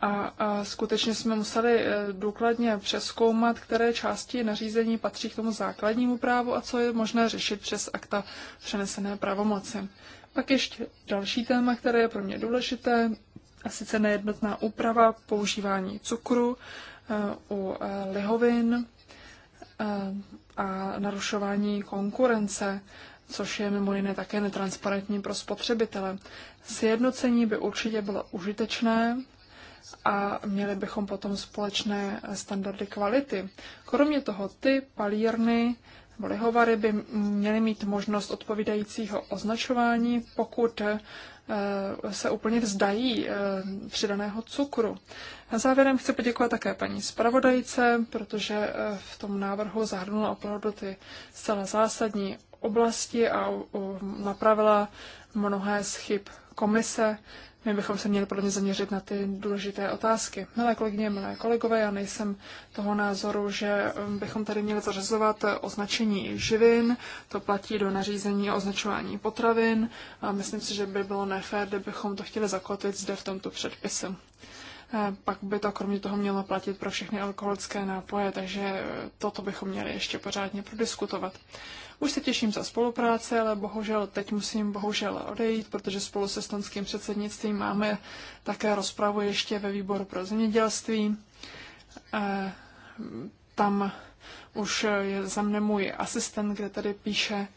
A, a skutečně jsme museli e, důkladně přeskoumat, které části nařízení patří k tomu základnímu právu a co je možné řešit přes akta přenesené pravomoci. Pak ještě další téma, které je pro mě důležité, sice nejednotná úprava používání cukru eh, u eh, lihovin eh, a narušování konkurence, což je mimo jiné také netransparentní pro spotřebitele. Sjednocení by určitě bylo užitečné a měli bychom potom společné standardy kvality. Kromě toho ty palírny nebo lihovary by měly mít možnost odpovídajícího označování, pokud Eh, se úplně vzdají eh, přidaného cukru. Na závěrem chci poděkovat také paní zpravodajce, protože eh, v tom návrhu zahrnula opravdu ty zcela zásadní oblasti a napravila mnohé z chyb komise my bychom se měli pro ně zaměřit na ty důležité otázky. Milé kolegyně, milé kolegové, já nejsem toho názoru, že um, bychom tady měli zařazovat označení živin, to platí do nařízení o označování potravin a myslím si, že by bylo nefér, kdybychom to chtěli zakotvit zde v tomto předpisu. Eh, pak by to kromě toho mělo platit pro všechny alkoholické nápoje, takže eh, toto bychom měli ještě pořádně prodiskutovat. Už se těším za spolupráci, ale bohužel teď musím bohužel odejít, protože spolu se estonským předsednictvím máme také rozpravu ještě ve výboru pro zemědělství. E, tam už je za mne můj asistent, kde tady píše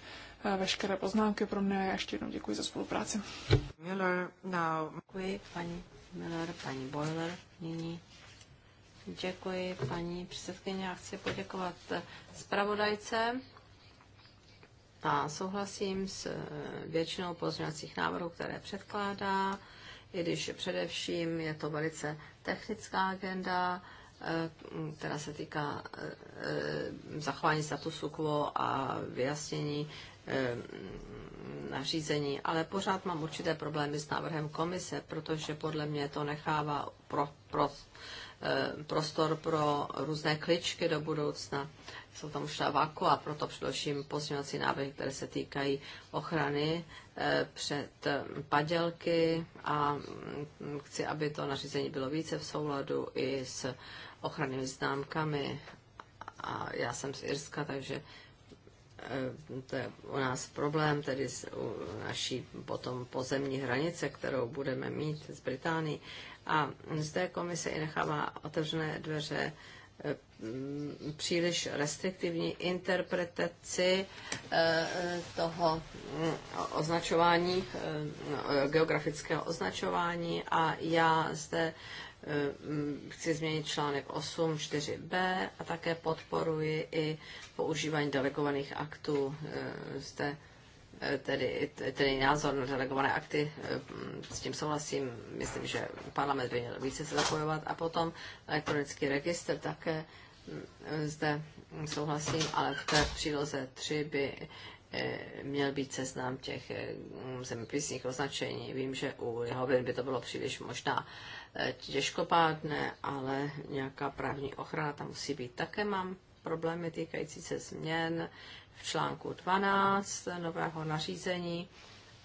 eh, veškeré poznámky pro mě. Já ještě jednou děkuji za spolupráci. Miller, now. Děkuji, paní Miller, paní Boiler, nyní. Děkuji, paní předsedkyně. Já chci poděkovat eh, zpravodajce a souhlasím s eh, většinou pozměňovacích návrhů, které předkládá, i když především je to velice technická agenda, eh, která se týká eh, zachování statusu quo a vyjasnění nařízení, ale pořád mám určité problémy s návrhem komise, protože podle mě to nechává pro, pro, Eh, prostor pro různé kličky do budoucna. Jsou tam už váku a proto především pozměňovací návrhy, které se týkají ochrany eh, před eh, padělky a mm, chci, aby to nařízení bylo více v souladu i s ochrannými známkami. A já jsem z Irska, takže to je u nás problém, tedy u naší potom pozemní hranice, kterou budeme mít z Británií. A zde komise i nechává otevřené dveře eh, mm, příliš restriktivní interpretaci eh, toho mm, označování, eh, no, geografického označování a já zde mm, chci změnit článek 8, 4b a také podporuji i používání delegovaných aktů. Zde tedy, tedy názor na delegované akty, eh, s tím souhlasím, myslím, že parlament by měl více se zapojovat a potom elektronický registr také mm, zde souhlasím, ale v té příloze 3 by eh, měl být seznam těch eh, zeměpisných označení. Vím, že u jeho by to bylo příliš možná těžkopádné, ale nějaká právní ochrana tam musí být. Také mám problémy týkající se změn v článku 12 nového nařízení.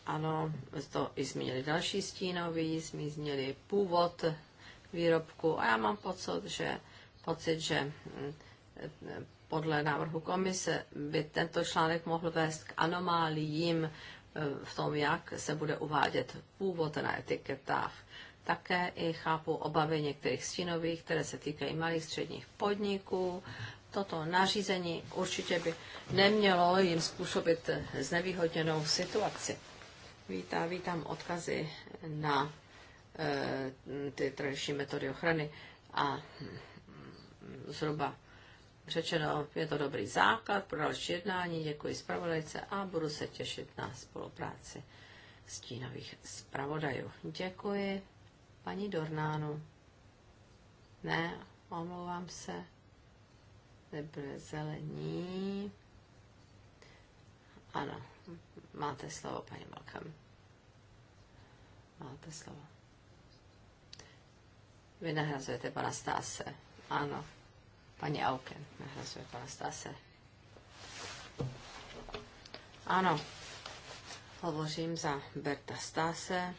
Ano, to i zmínili další jsme zmínili původ výrobku a já mám pocit, že, pocit, že mm, podle návrhu komise by tento článek mohl vést k anomáliím e, v tom, jak se bude uvádět původ na etiketách. Také i chápu obavy některých stínových, které se týkají malých středních podniků toto nařízení určitě by nemělo jim způsobit znevýhodněnou situaci. Vítá, vítám odkazy na e, ty tradiční metody ochrany a hm, zhruba řečeno, je to dobrý základ pro další jednání. Děkuji zpravodajce a budu se těšit na spolupráci stínových zpravodajů. Děkuji paní Dornánu. Ne, omlouvám se. Nejprve zelení. Ano, máte slovo, paní Malcolm. Máte slovo. Vy nahrazujete pana Stáse. Ano, paní Auken nahrazuje pana Stáse. Ano, hovořím za Berta Stáse,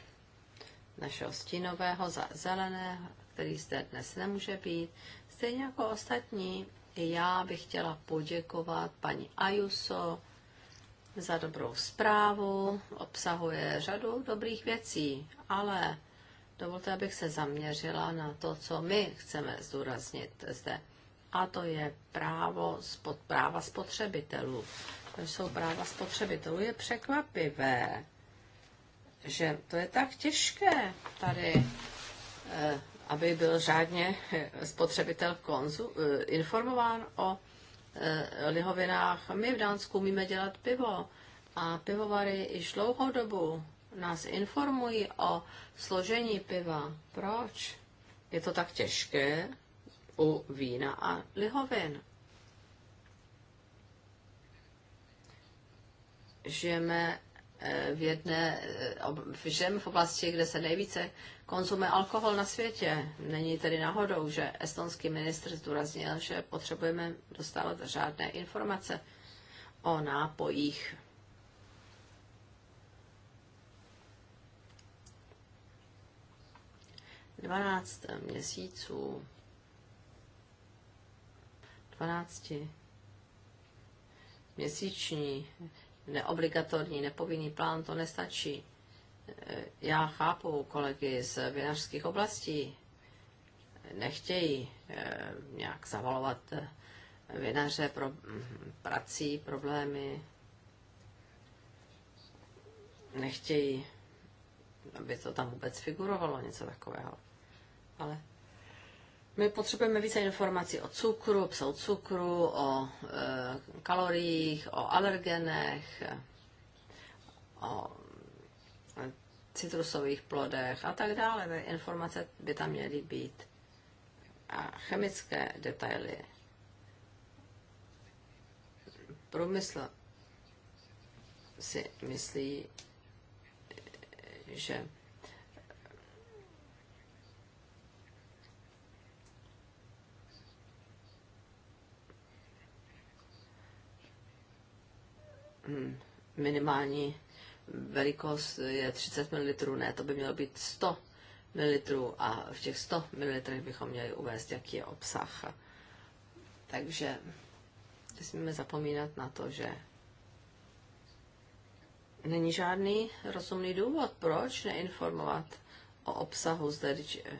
našeho stínového, za zeleného, který zde dnes nemůže být, stejně jako ostatní i já bych chtěla poděkovat paní Ajuso za dobrou zprávu. Obsahuje řadu dobrých věcí, ale dovolte, abych se zaměřila na to, co my chceme zdůraznit zde. A to je právo spod, práva spotřebitelů. To jsou práva spotřebitelů. Je překvapivé, že to je tak těžké tady eh, aby byl řádně eh, spotřebitel konzu, eh, informován o eh, lihovinách. My v Dánsku umíme dělat pivo a pivovary již dlouhou dobu nás informují o složení piva. Proč je to tak těžké u vína a lihovin? Žijeme v jedné, žijeme v oblasti, kde se nejvíce konzume alkohol na světě. Není tedy náhodou, že estonský ministr zdůraznil, že potřebujeme dostávat řádné informace o nápojích. Dvanáct měsíců. Dvanácti měsíční neobligatorní, nepovinný plán, to nestačí já chápu kolegy z vinařských oblastí, nechtějí eh, nějak zavalovat eh, vinaře pro hm, prací, problémy, nechtějí, aby to tam vůbec figurovalo, něco takového. Ale my potřebujeme více informací o cukru, psou cukru, o e, kaloriích, o alergenech, o citrusových plodech a tak dále. Informace by tam měly být. A chemické detaily. Průmysl si myslí, že hm, minimální velikost je 30 ml, ne, to by mělo být 100 ml a v těch 100 ml bychom měli uvést, jaký je obsah. Takže nesmíme zapomínat na to, že není žádný rozumný důvod, proč neinformovat o obsahu zde, když eh,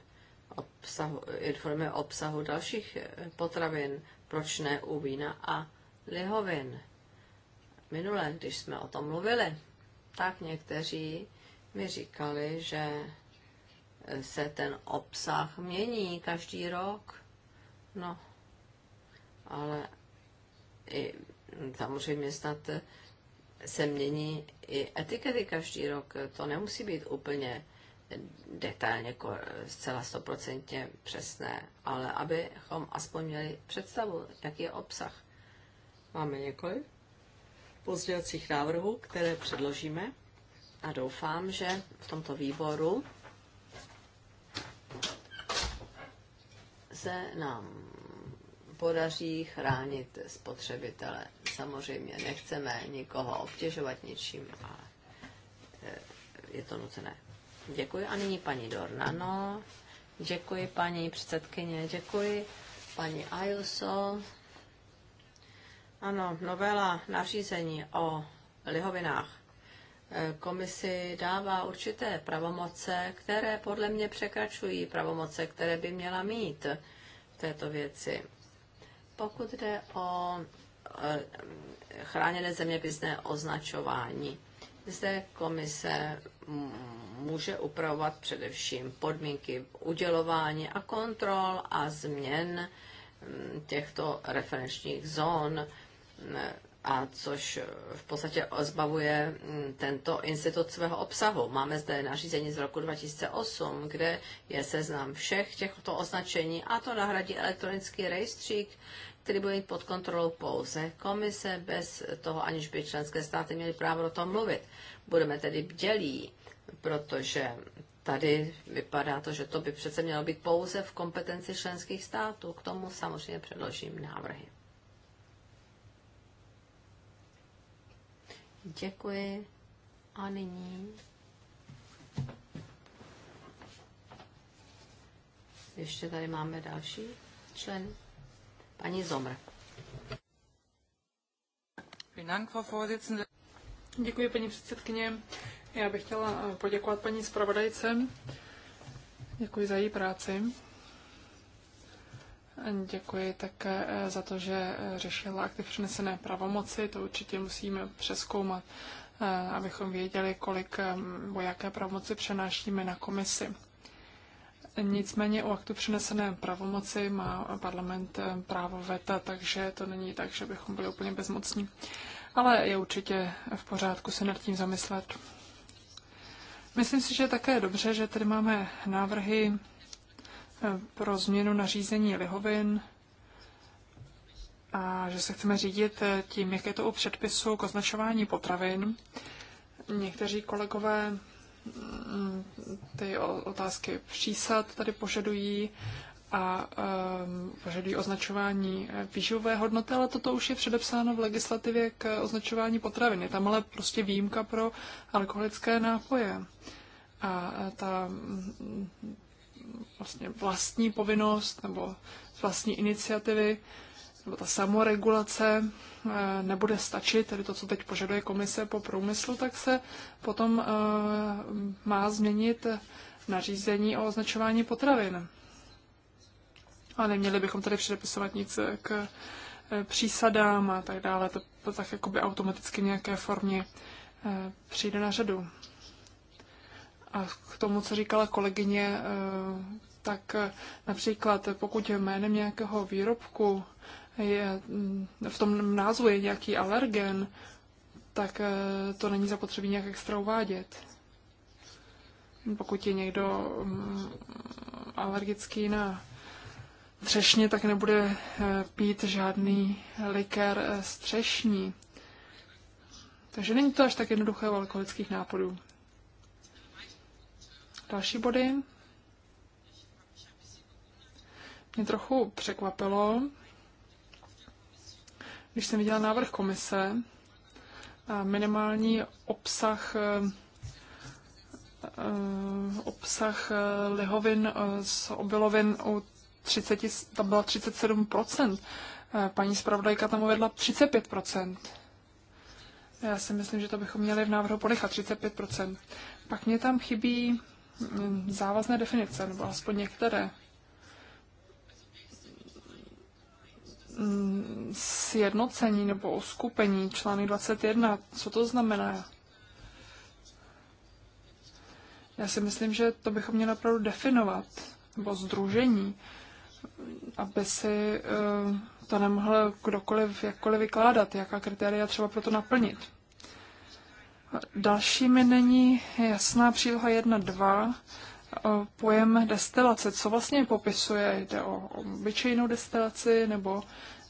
obsahu, informuje o obsahu dalších eh, potravin, proč ne u vína a lihovin. Minule, když jsme o tom mluvili, tak někteří mi říkali, že se ten obsah mění každý rok. No, ale i, samozřejmě snad se mění i etikety každý rok. To nemusí být úplně detailně, zcela stoprocentně přesné, ale abychom aspoň měli představu, jaký je obsah. Máme několik pozdělacích návrhů, které předložíme a doufám, že v tomto výboru se nám podaří chránit spotřebitele. Samozřejmě nechceme nikoho obtěžovat ničím, ale eh, je to nutné. Děkuji a nyní paní Dornano. Děkuji paní předsedkyně, děkuji paní Ayuso. Ano, novela nařízení o lihovinách e, komisi dává určité pravomoce, které podle mě překračují pravomoce, které by měla mít v této věci. Pokud jde o e, chráněné zeměpisné označování, zde komise může upravovat především podmínky udělování a kontrol a změn těchto referenčních zón, a což v podstatě zbavuje mm, tento institut svého obsahu. Máme zde nařízení z roku 2008, kde je seznam všech těchto označení a to nahradí elektronický rejstřík, který bude pod kontrolou pouze komise, bez toho, aniž by členské státy měly právo o tom mluvit. Budeme tedy bdělí, protože tady vypadá to, že to by přece mělo být pouze v kompetenci členských států. K tomu samozřejmě předložím návrhy. Děkuji. A nyní ještě tady máme další člen, paní Zomr. Děkuji, paní předsedkyně. Já bych chtěla eh, poděkovat paní zpravodajce. Děkuji za její práci děkuji také eh, za to, že eh, řešila aktiv přenesené pravomoci. To určitě musíme přeskoumat, eh, abychom věděli, kolik o jaké pravomoci přenášíme na komisi. Nicméně u aktu přenesené pravomoci má parlament právo veta, takže to není tak, že bychom byli úplně bezmocní. Ale je určitě v pořádku se nad tím zamyslet. Myslím si, že také je dobře, že tady máme návrhy pro změnu nařízení lihovin a že se chceme řídit tím, jak je to u předpisu k označování potravin. Někteří kolegové mm, ty otázky přísad tady požadují a um, požadují označování výživové hodnoty, ale toto už je předepsáno v legislativě k označování potravin. Je tam ale prostě výjimka pro alkoholické nápoje. A e, ta vlastně vlastní povinnost nebo z vlastní iniciativy, nebo ta samoregulace eh, nebude stačit, tedy to, co teď požaduje komise po průmyslu, tak se potom eh, má změnit nařízení o označování potravin. A neměli bychom tady předepisovat nic k eh, přísadám a tak dále. To, to tak jakoby automaticky v nějaké formě přijde na řadu. A k tomu, co říkala kolegyně, eh, tak eh, například pokud jménem nějakého výrobku je, mm, v tom názvu je nějaký alergen, tak eh, to není zapotřebí nějak extra uvádět. Pokud je někdo mm, alergický na třešně, tak nebude pít žádný likér z třešní. Takže není to až tak jednoduché u alkoholických nápojů. Další body. Mě trochu překvapilo, když jsem viděla návrh komise, minimální obsah e, e, obsah e, lihovin z obilovin u 30, tam byla 37%. Paní zpravodajka tam uvedla 35%. Já si myslím, že to bychom měli v návrhu ponechat 35%. Pak mě tam chybí Mm, závazné definice, nebo aspoň některé. Mm, sjednocení nebo oskupení článek 21, co to znamená? Já si myslím, že to bychom měli opravdu definovat, nebo združení, aby si eh, to nemohl kdokoliv jakkoliv vykládat, jaká kritéria třeba pro to naplnit. Další mi není jasná příloha 1.2, pojem destilace. Co vlastně popisuje? Jde o obyčejnou destilaci nebo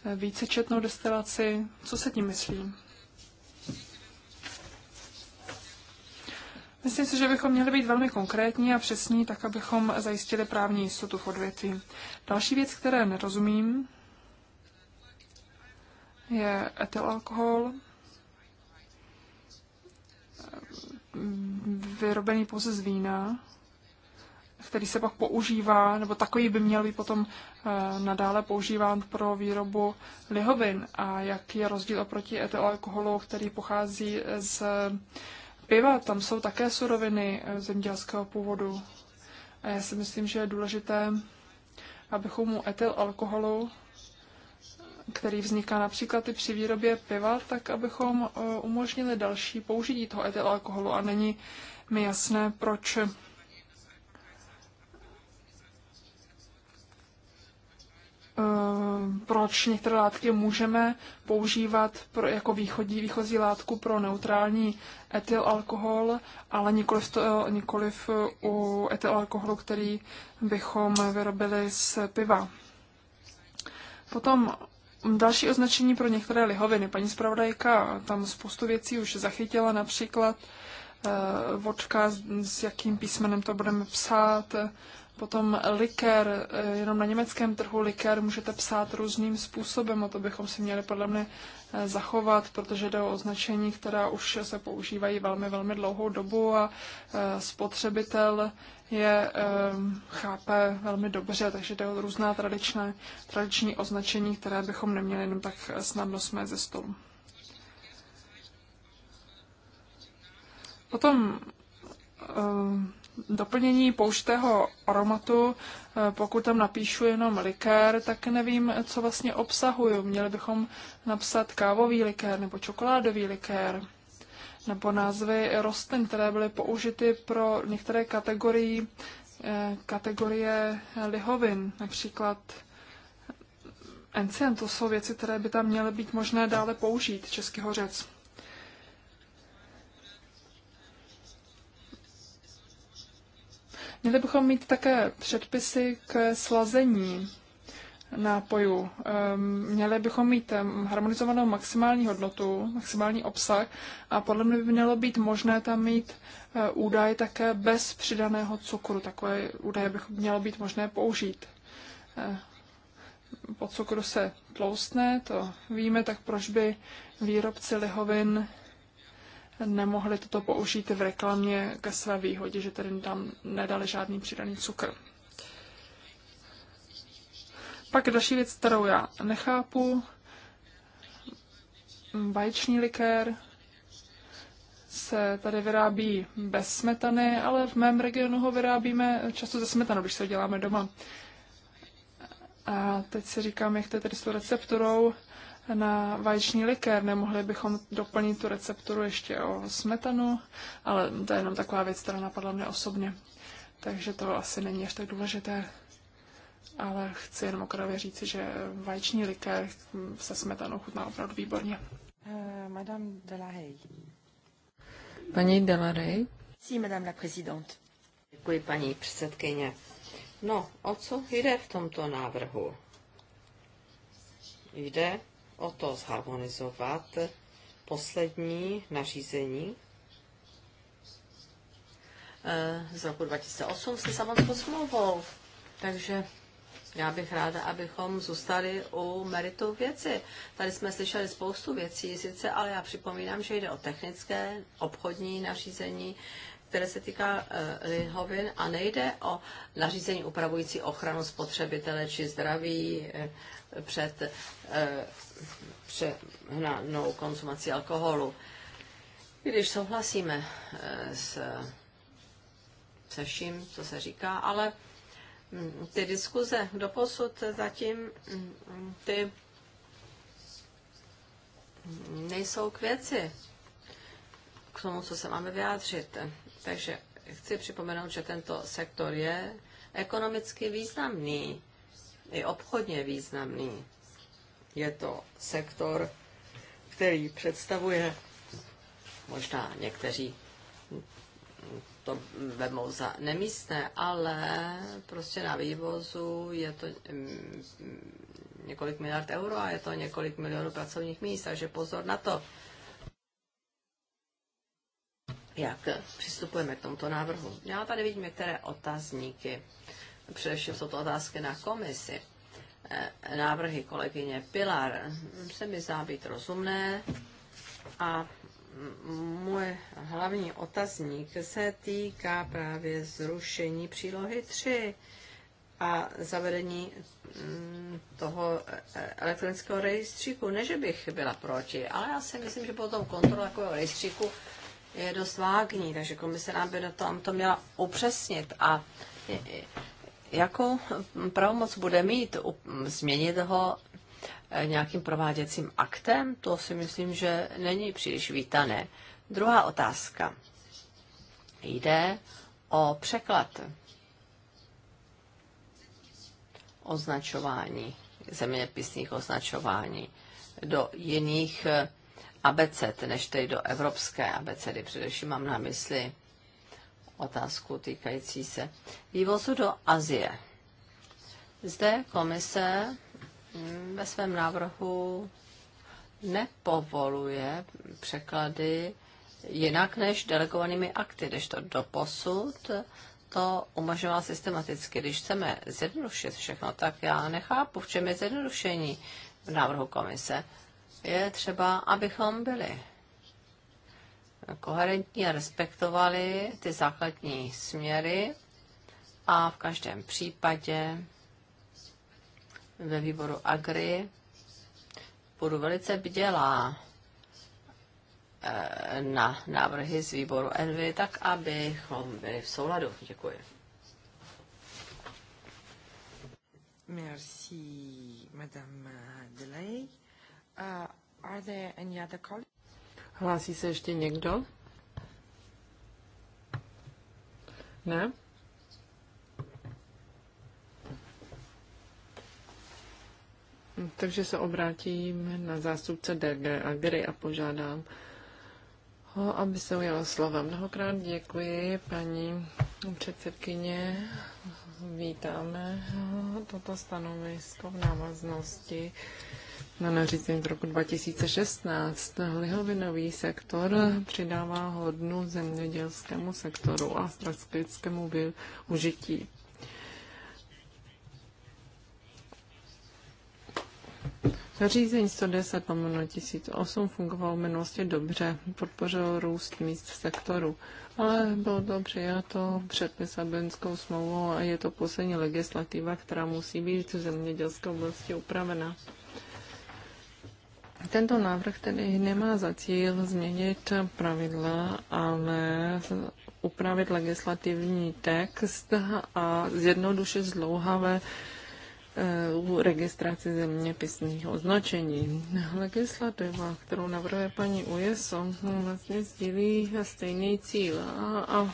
e, vícečetnou destilaci? Co se tím myslí? Myslím si, že bychom měli být velmi konkrétní a přesní, tak abychom zajistili právní jistotu v odvětví. Další věc, které nerozumím, je etylalkohol. alkohol vyrobený pouze z vína, který se pak používá, nebo takový by měl být potom eh, nadále používán pro výrobu lihovin. A jaký je rozdíl oproti etylalkoholu, který pochází z piva? Tam jsou také suroviny eh, zemědělského původu. A já si myslím, že je důležité, abychom u etylalkoholu který vzniká například i při výrobě piva, tak abychom e, umožnili další použití toho etylalkoholu. A není mi jasné, proč e, proč některé látky můžeme používat pro, jako východí, výchozí látku pro neutrální etylalkohol, ale nikoliv, to, e, nikoliv u etylalkoholu, který bychom vyrobili z piva. Potom Další označení pro některé lihoviny. Paní zpravodajka tam spoustu věcí už zachytila, například eh, vodka, s jakým písmenem to budeme psát, potom likér, eh, jenom na německém trhu likér můžete psát různým způsobem a to bychom si měli podle mě eh, zachovat, protože jde o označení, která už se používají velmi, velmi dlouhou dobu a eh, spotřebitel eh, je ehm, chápe velmi dobře, takže jde o různá tradičné, tradiční označení, které bychom neměli jenom tak snadno jsme ze stolu. Potom ehm, doplnění pouštého aromatu, eh, pokud tam napíšu jenom likér, tak nevím, co vlastně obsahuju. Měli bychom napsat kávový likér nebo čokoládový likér nebo názvy rostlin, které byly použity pro některé kategorii, eh, kategorie lihovin, například encien. To jsou věci, které by tam měly být možné dále použít, český hořec. Měli bychom mít také předpisy k slazení nápojů. Ehm, měli bychom mít ehm, harmonizovanou maximální hodnotu, maximální obsah a podle mě by mělo být možné tam mít eh, údaj také bez přidaného cukru. Takové údaje bychom mělo být možné použít. Eh, po cukru se tloustne, to víme, tak proč by výrobci lihovin nemohli toto použít v reklamě ke své výhodě, že tedy tam nedali žádný přidaný cukr. Pak další věc, kterou já nechápu, Vajíční likér se tady vyrábí bez smetany, ale v mém regionu ho vyrábíme často ze smetanou, když se ho děláme doma. A teď si říkám, jak to je tedy s tou recepturou na vaječný likér. Nemohli bychom doplnit tu recepturu ještě o smetanu, ale to je jenom taková věc, která napadla mě osobně. Takže to asi není až tak důležité ale chci jenom okrajově říci, že vaječní likér se smetanou chutná opravdu výborně. Uh, Madame Rey. Paní Rey. Si, Madame la Présidente. Děkuji, paní předsedkyně. No, o co jde v tomto návrhu? Jde o to zharmonizovat poslední nařízení eh, z roku 2008 se samotnou smlouvou. Takže já bych ráda, abychom zůstali u meritu věci. Tady jsme slyšeli spoustu věcí, sice, ale já připomínám, že jde o technické, obchodní nařízení, které se týká eh, lihovin a nejde o nařízení upravující ochranu spotřebitele či zdraví eh, před eh, přehnanou konzumací alkoholu. Když souhlasíme s, se vším, co se říká, ale ty diskuze doposud zatím ty nejsou k věci, k tomu, co se máme vyjádřit. Takže chci připomenout, že tento sektor je ekonomicky významný, i obchodně významný. Je to sektor, který představuje možná někteří to vemou za nemístné, ale prostě na vývozu je to mm, několik miliard euro a je to několik milionů pracovních míst, takže pozor na to, jak přistupujeme k tomuto návrhu. Já tady vidím některé otazníky. Především jsou to otázky na komisi. Eh, návrhy kolegyně Pilar mm, se mi zdá být rozumné a můj hlavní otazník se týká právě zrušení přílohy 3 a zavedení mm, toho e, elektronického rejstříku. Ne, že bych byla proti, ale já si myslím, že potom kontrola takového rejstříku je dost vágní, takže komise nám by na to, to měla upřesnit. A jakou pravomoc bude mít změnit ho nějakým prováděcím aktem, to si myslím, že není příliš vítané. Druhá otázka. Jde o překlad označování, zeměpisných označování do jiných eh, abeced, než tedy do evropské abecedy. Především mám na mysli otázku týkající se vývozu do Azie. Zde komise ve svém návrhu nepovoluje překlady jinak než delegovanými akty, když to doposud to umožňoval systematicky. Když chceme zjednodušit všechno, tak já nechápu, v čem je zjednodušení v návrhu komise. Je třeba, abychom byli koherentní a respektovali ty základní směry a v každém případě ve výboru Agri budu velice bdělá eh, na návrhy z výboru Envy, tak abychom byli v souladu. Děkuji. Merci, Madame Delay. Uh, are there any other colleagues? Hlásí se ještě někdo? Ne? Takže se obrátím na zástupce DG Agri a požádám ho, aby se ujal slova. Mnohokrát děkuji, paní předsedkyně. Vítáme toto stanovisko v návaznosti na nařízení z roku 2016. Lihovinový sektor přidává hodnu zemědělskému sektoru a strategickému využití Řízení 110 lomeno 1008 fungovalo v minulosti dobře, podpořilo růst míst v sektoru, ale bylo to přijato před Lisabonskou smlouvou a je to poslední legislativa, která musí být v zemědělské oblasti upravena. Tento návrh tedy nemá za cíl změnit pravidla, ale upravit legislativní text a zjednodušit zlouhavé u registraci zeměpisných označení. Legislativa, kterou navrhuje paní UESO, vlastně sdílí stejný cíl a, a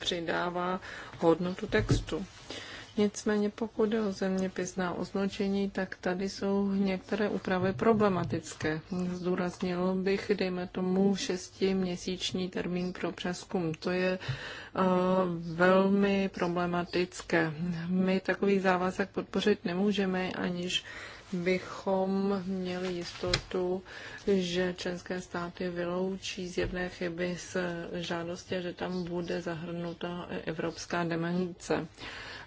přidává hodnotu textu. Nicméně pokud je o zeměpisná označení, tak tady jsou některé úpravy problematické. Zdůraznil bych, dejme tomu, šestiměsíční termín pro přeskum. To je uh, velmi problematické. My takový závazek podpořit nemůžeme, aniž bychom měli jistotu, že členské státy vyloučí z jedné, chyby z žádosti, že tam bude zahrnuta evropská demence. Uh,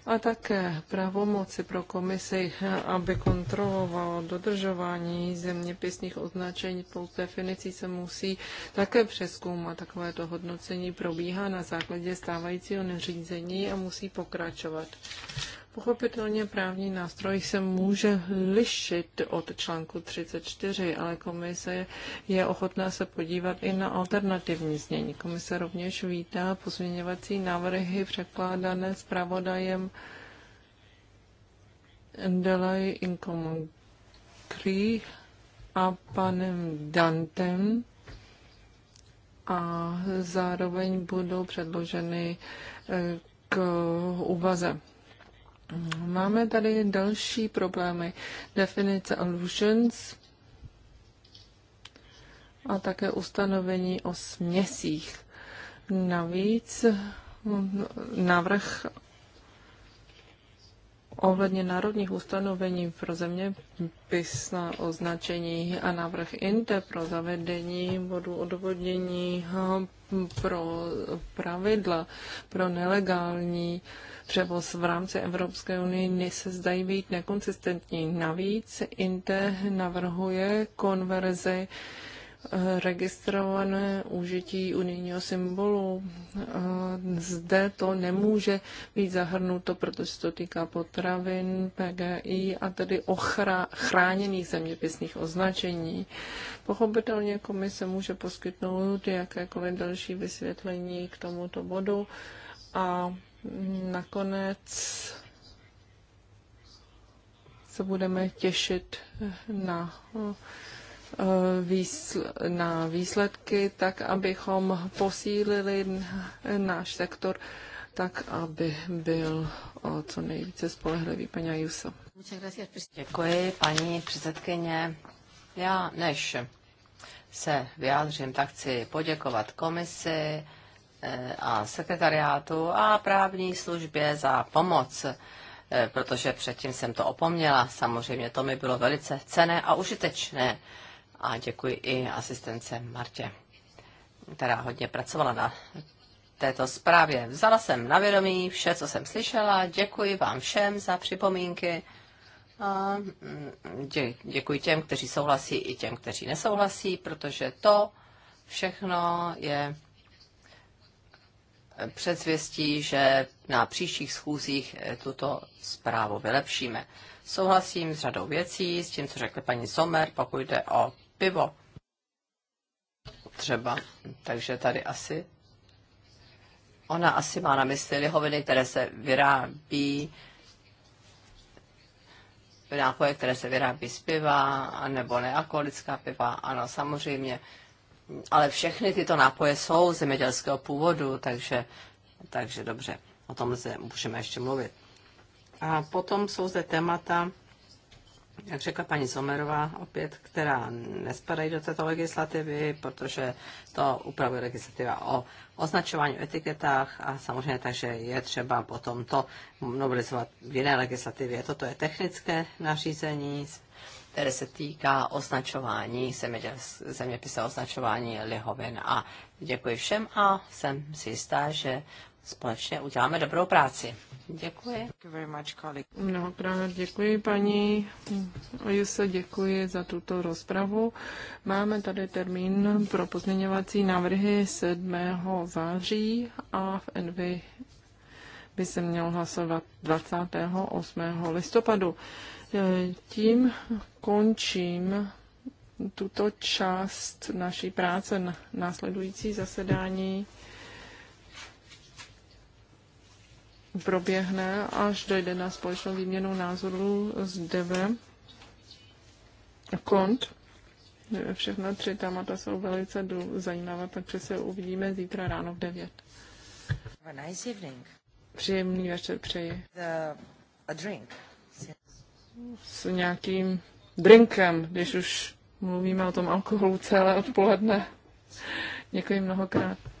a také pravomoci pro komisi, aby kontrolovalo dodržování zeměpisných označení pod definicí se musí také přeskoumat. Takovéto hodnocení probíhá na základě stávajícího neřízení a musí pokračovat. Pochopitelně právní nástroj se může lišit od článku 34, ale komise je ochotná se podívat i na alternativní znění. Komise rovněž vítá pozměňovací návrhy překládané zpravodajem Delay Income a panem Dantem a zároveň budou předloženy eh, k úvaze. Máme tady další problémy. Definice allusions a také ustanovení o směsích. Navíc návrh ohledně národních ustanovení pro země pisna označení a návrh INTE pro zavedení bodu odvodnění hm, pro pravidla pro nelegální uh, převoz v rámci Evropské unie se zdají být nekonsistentní. Navíc INTE navrhuje konverzi eh, registrované užití unijního symbolu. Eh, zde to nemůže být zahrnuto, protože se to týká potravin, PGI a tedy ochra- chráněných zeměpisných označení. Pochopitelně komise může poskytnout jakékoliv další vysvětlení k tomuto bodu a Nakonec se budeme těšit na, eh, na výsledky, tak abychom posílili náš sektor, tak aby byl o eh, co nejvíce spolehlivý, paní Ajuso. Děkuji, paní předsedkyně. Já než se vyjádřím, tak chci poděkovat komisi, Eh, a sekretariátu a právní službě za pomoc, eh, protože předtím jsem to opomněla. Samozřejmě to mi bylo velice cené a užitečné. A děkuji i asistence Martě, která hodně pracovala na této zprávě. Vzala jsem na vědomí vše, co jsem slyšela. Děkuji vám všem za připomínky. A mm, dě, děkuji těm, kteří souhlasí i těm, kteří nesouhlasí, protože to všechno je předzvěstí, že na příštích schůzích eh, tuto zprávu vylepšíme. Souhlasím s řadou věcí, s tím, co řekla paní Somer, pokud jde o pivo. Třeba. Takže tady asi. Ona asi má na mysli lihoviny, které se vyrábí nápoje, které se vyrábí z piva, nebo nealkoholická piva. Ano, samozřejmě ale všechny tyto nápoje jsou zemědělského původu, takže, takže dobře, o tom se můžeme ještě mluvit. A potom jsou zde témata, jak řekla paní Zomerová opět, která nespadají do této legislativy, protože to upravuje legislativa o označování o etiketách a samozřejmě takže je třeba potom to novelizovat v jiné legislativě. Toto je technické nařízení, které se týká označování zeměpise označování lihovin. A děkuji všem a jsem si jistá, že společně uděláme dobrou práci. Děkuji. Mnohokrát děkuji paní Juse, děkuji za tuto rozpravu. Máme tady termín pro pozměňovací návrhy 7. září a v Envy by se měl hlasovat 28. listopadu. Tím končím tuto část naší práce na následující zasedání proběhne, až dojde na společnou výměnu názorů s DEVE. Kont. Všechno tři témata jsou velice zajímavé, takže se uvidíme zítra ráno v 9. Have a nice evening. Příjemný večer přeji. The, a drink s nějakým drinkem, když už mluvíme o tom alkoholu celé odpoledne. Děkuji mnohokrát.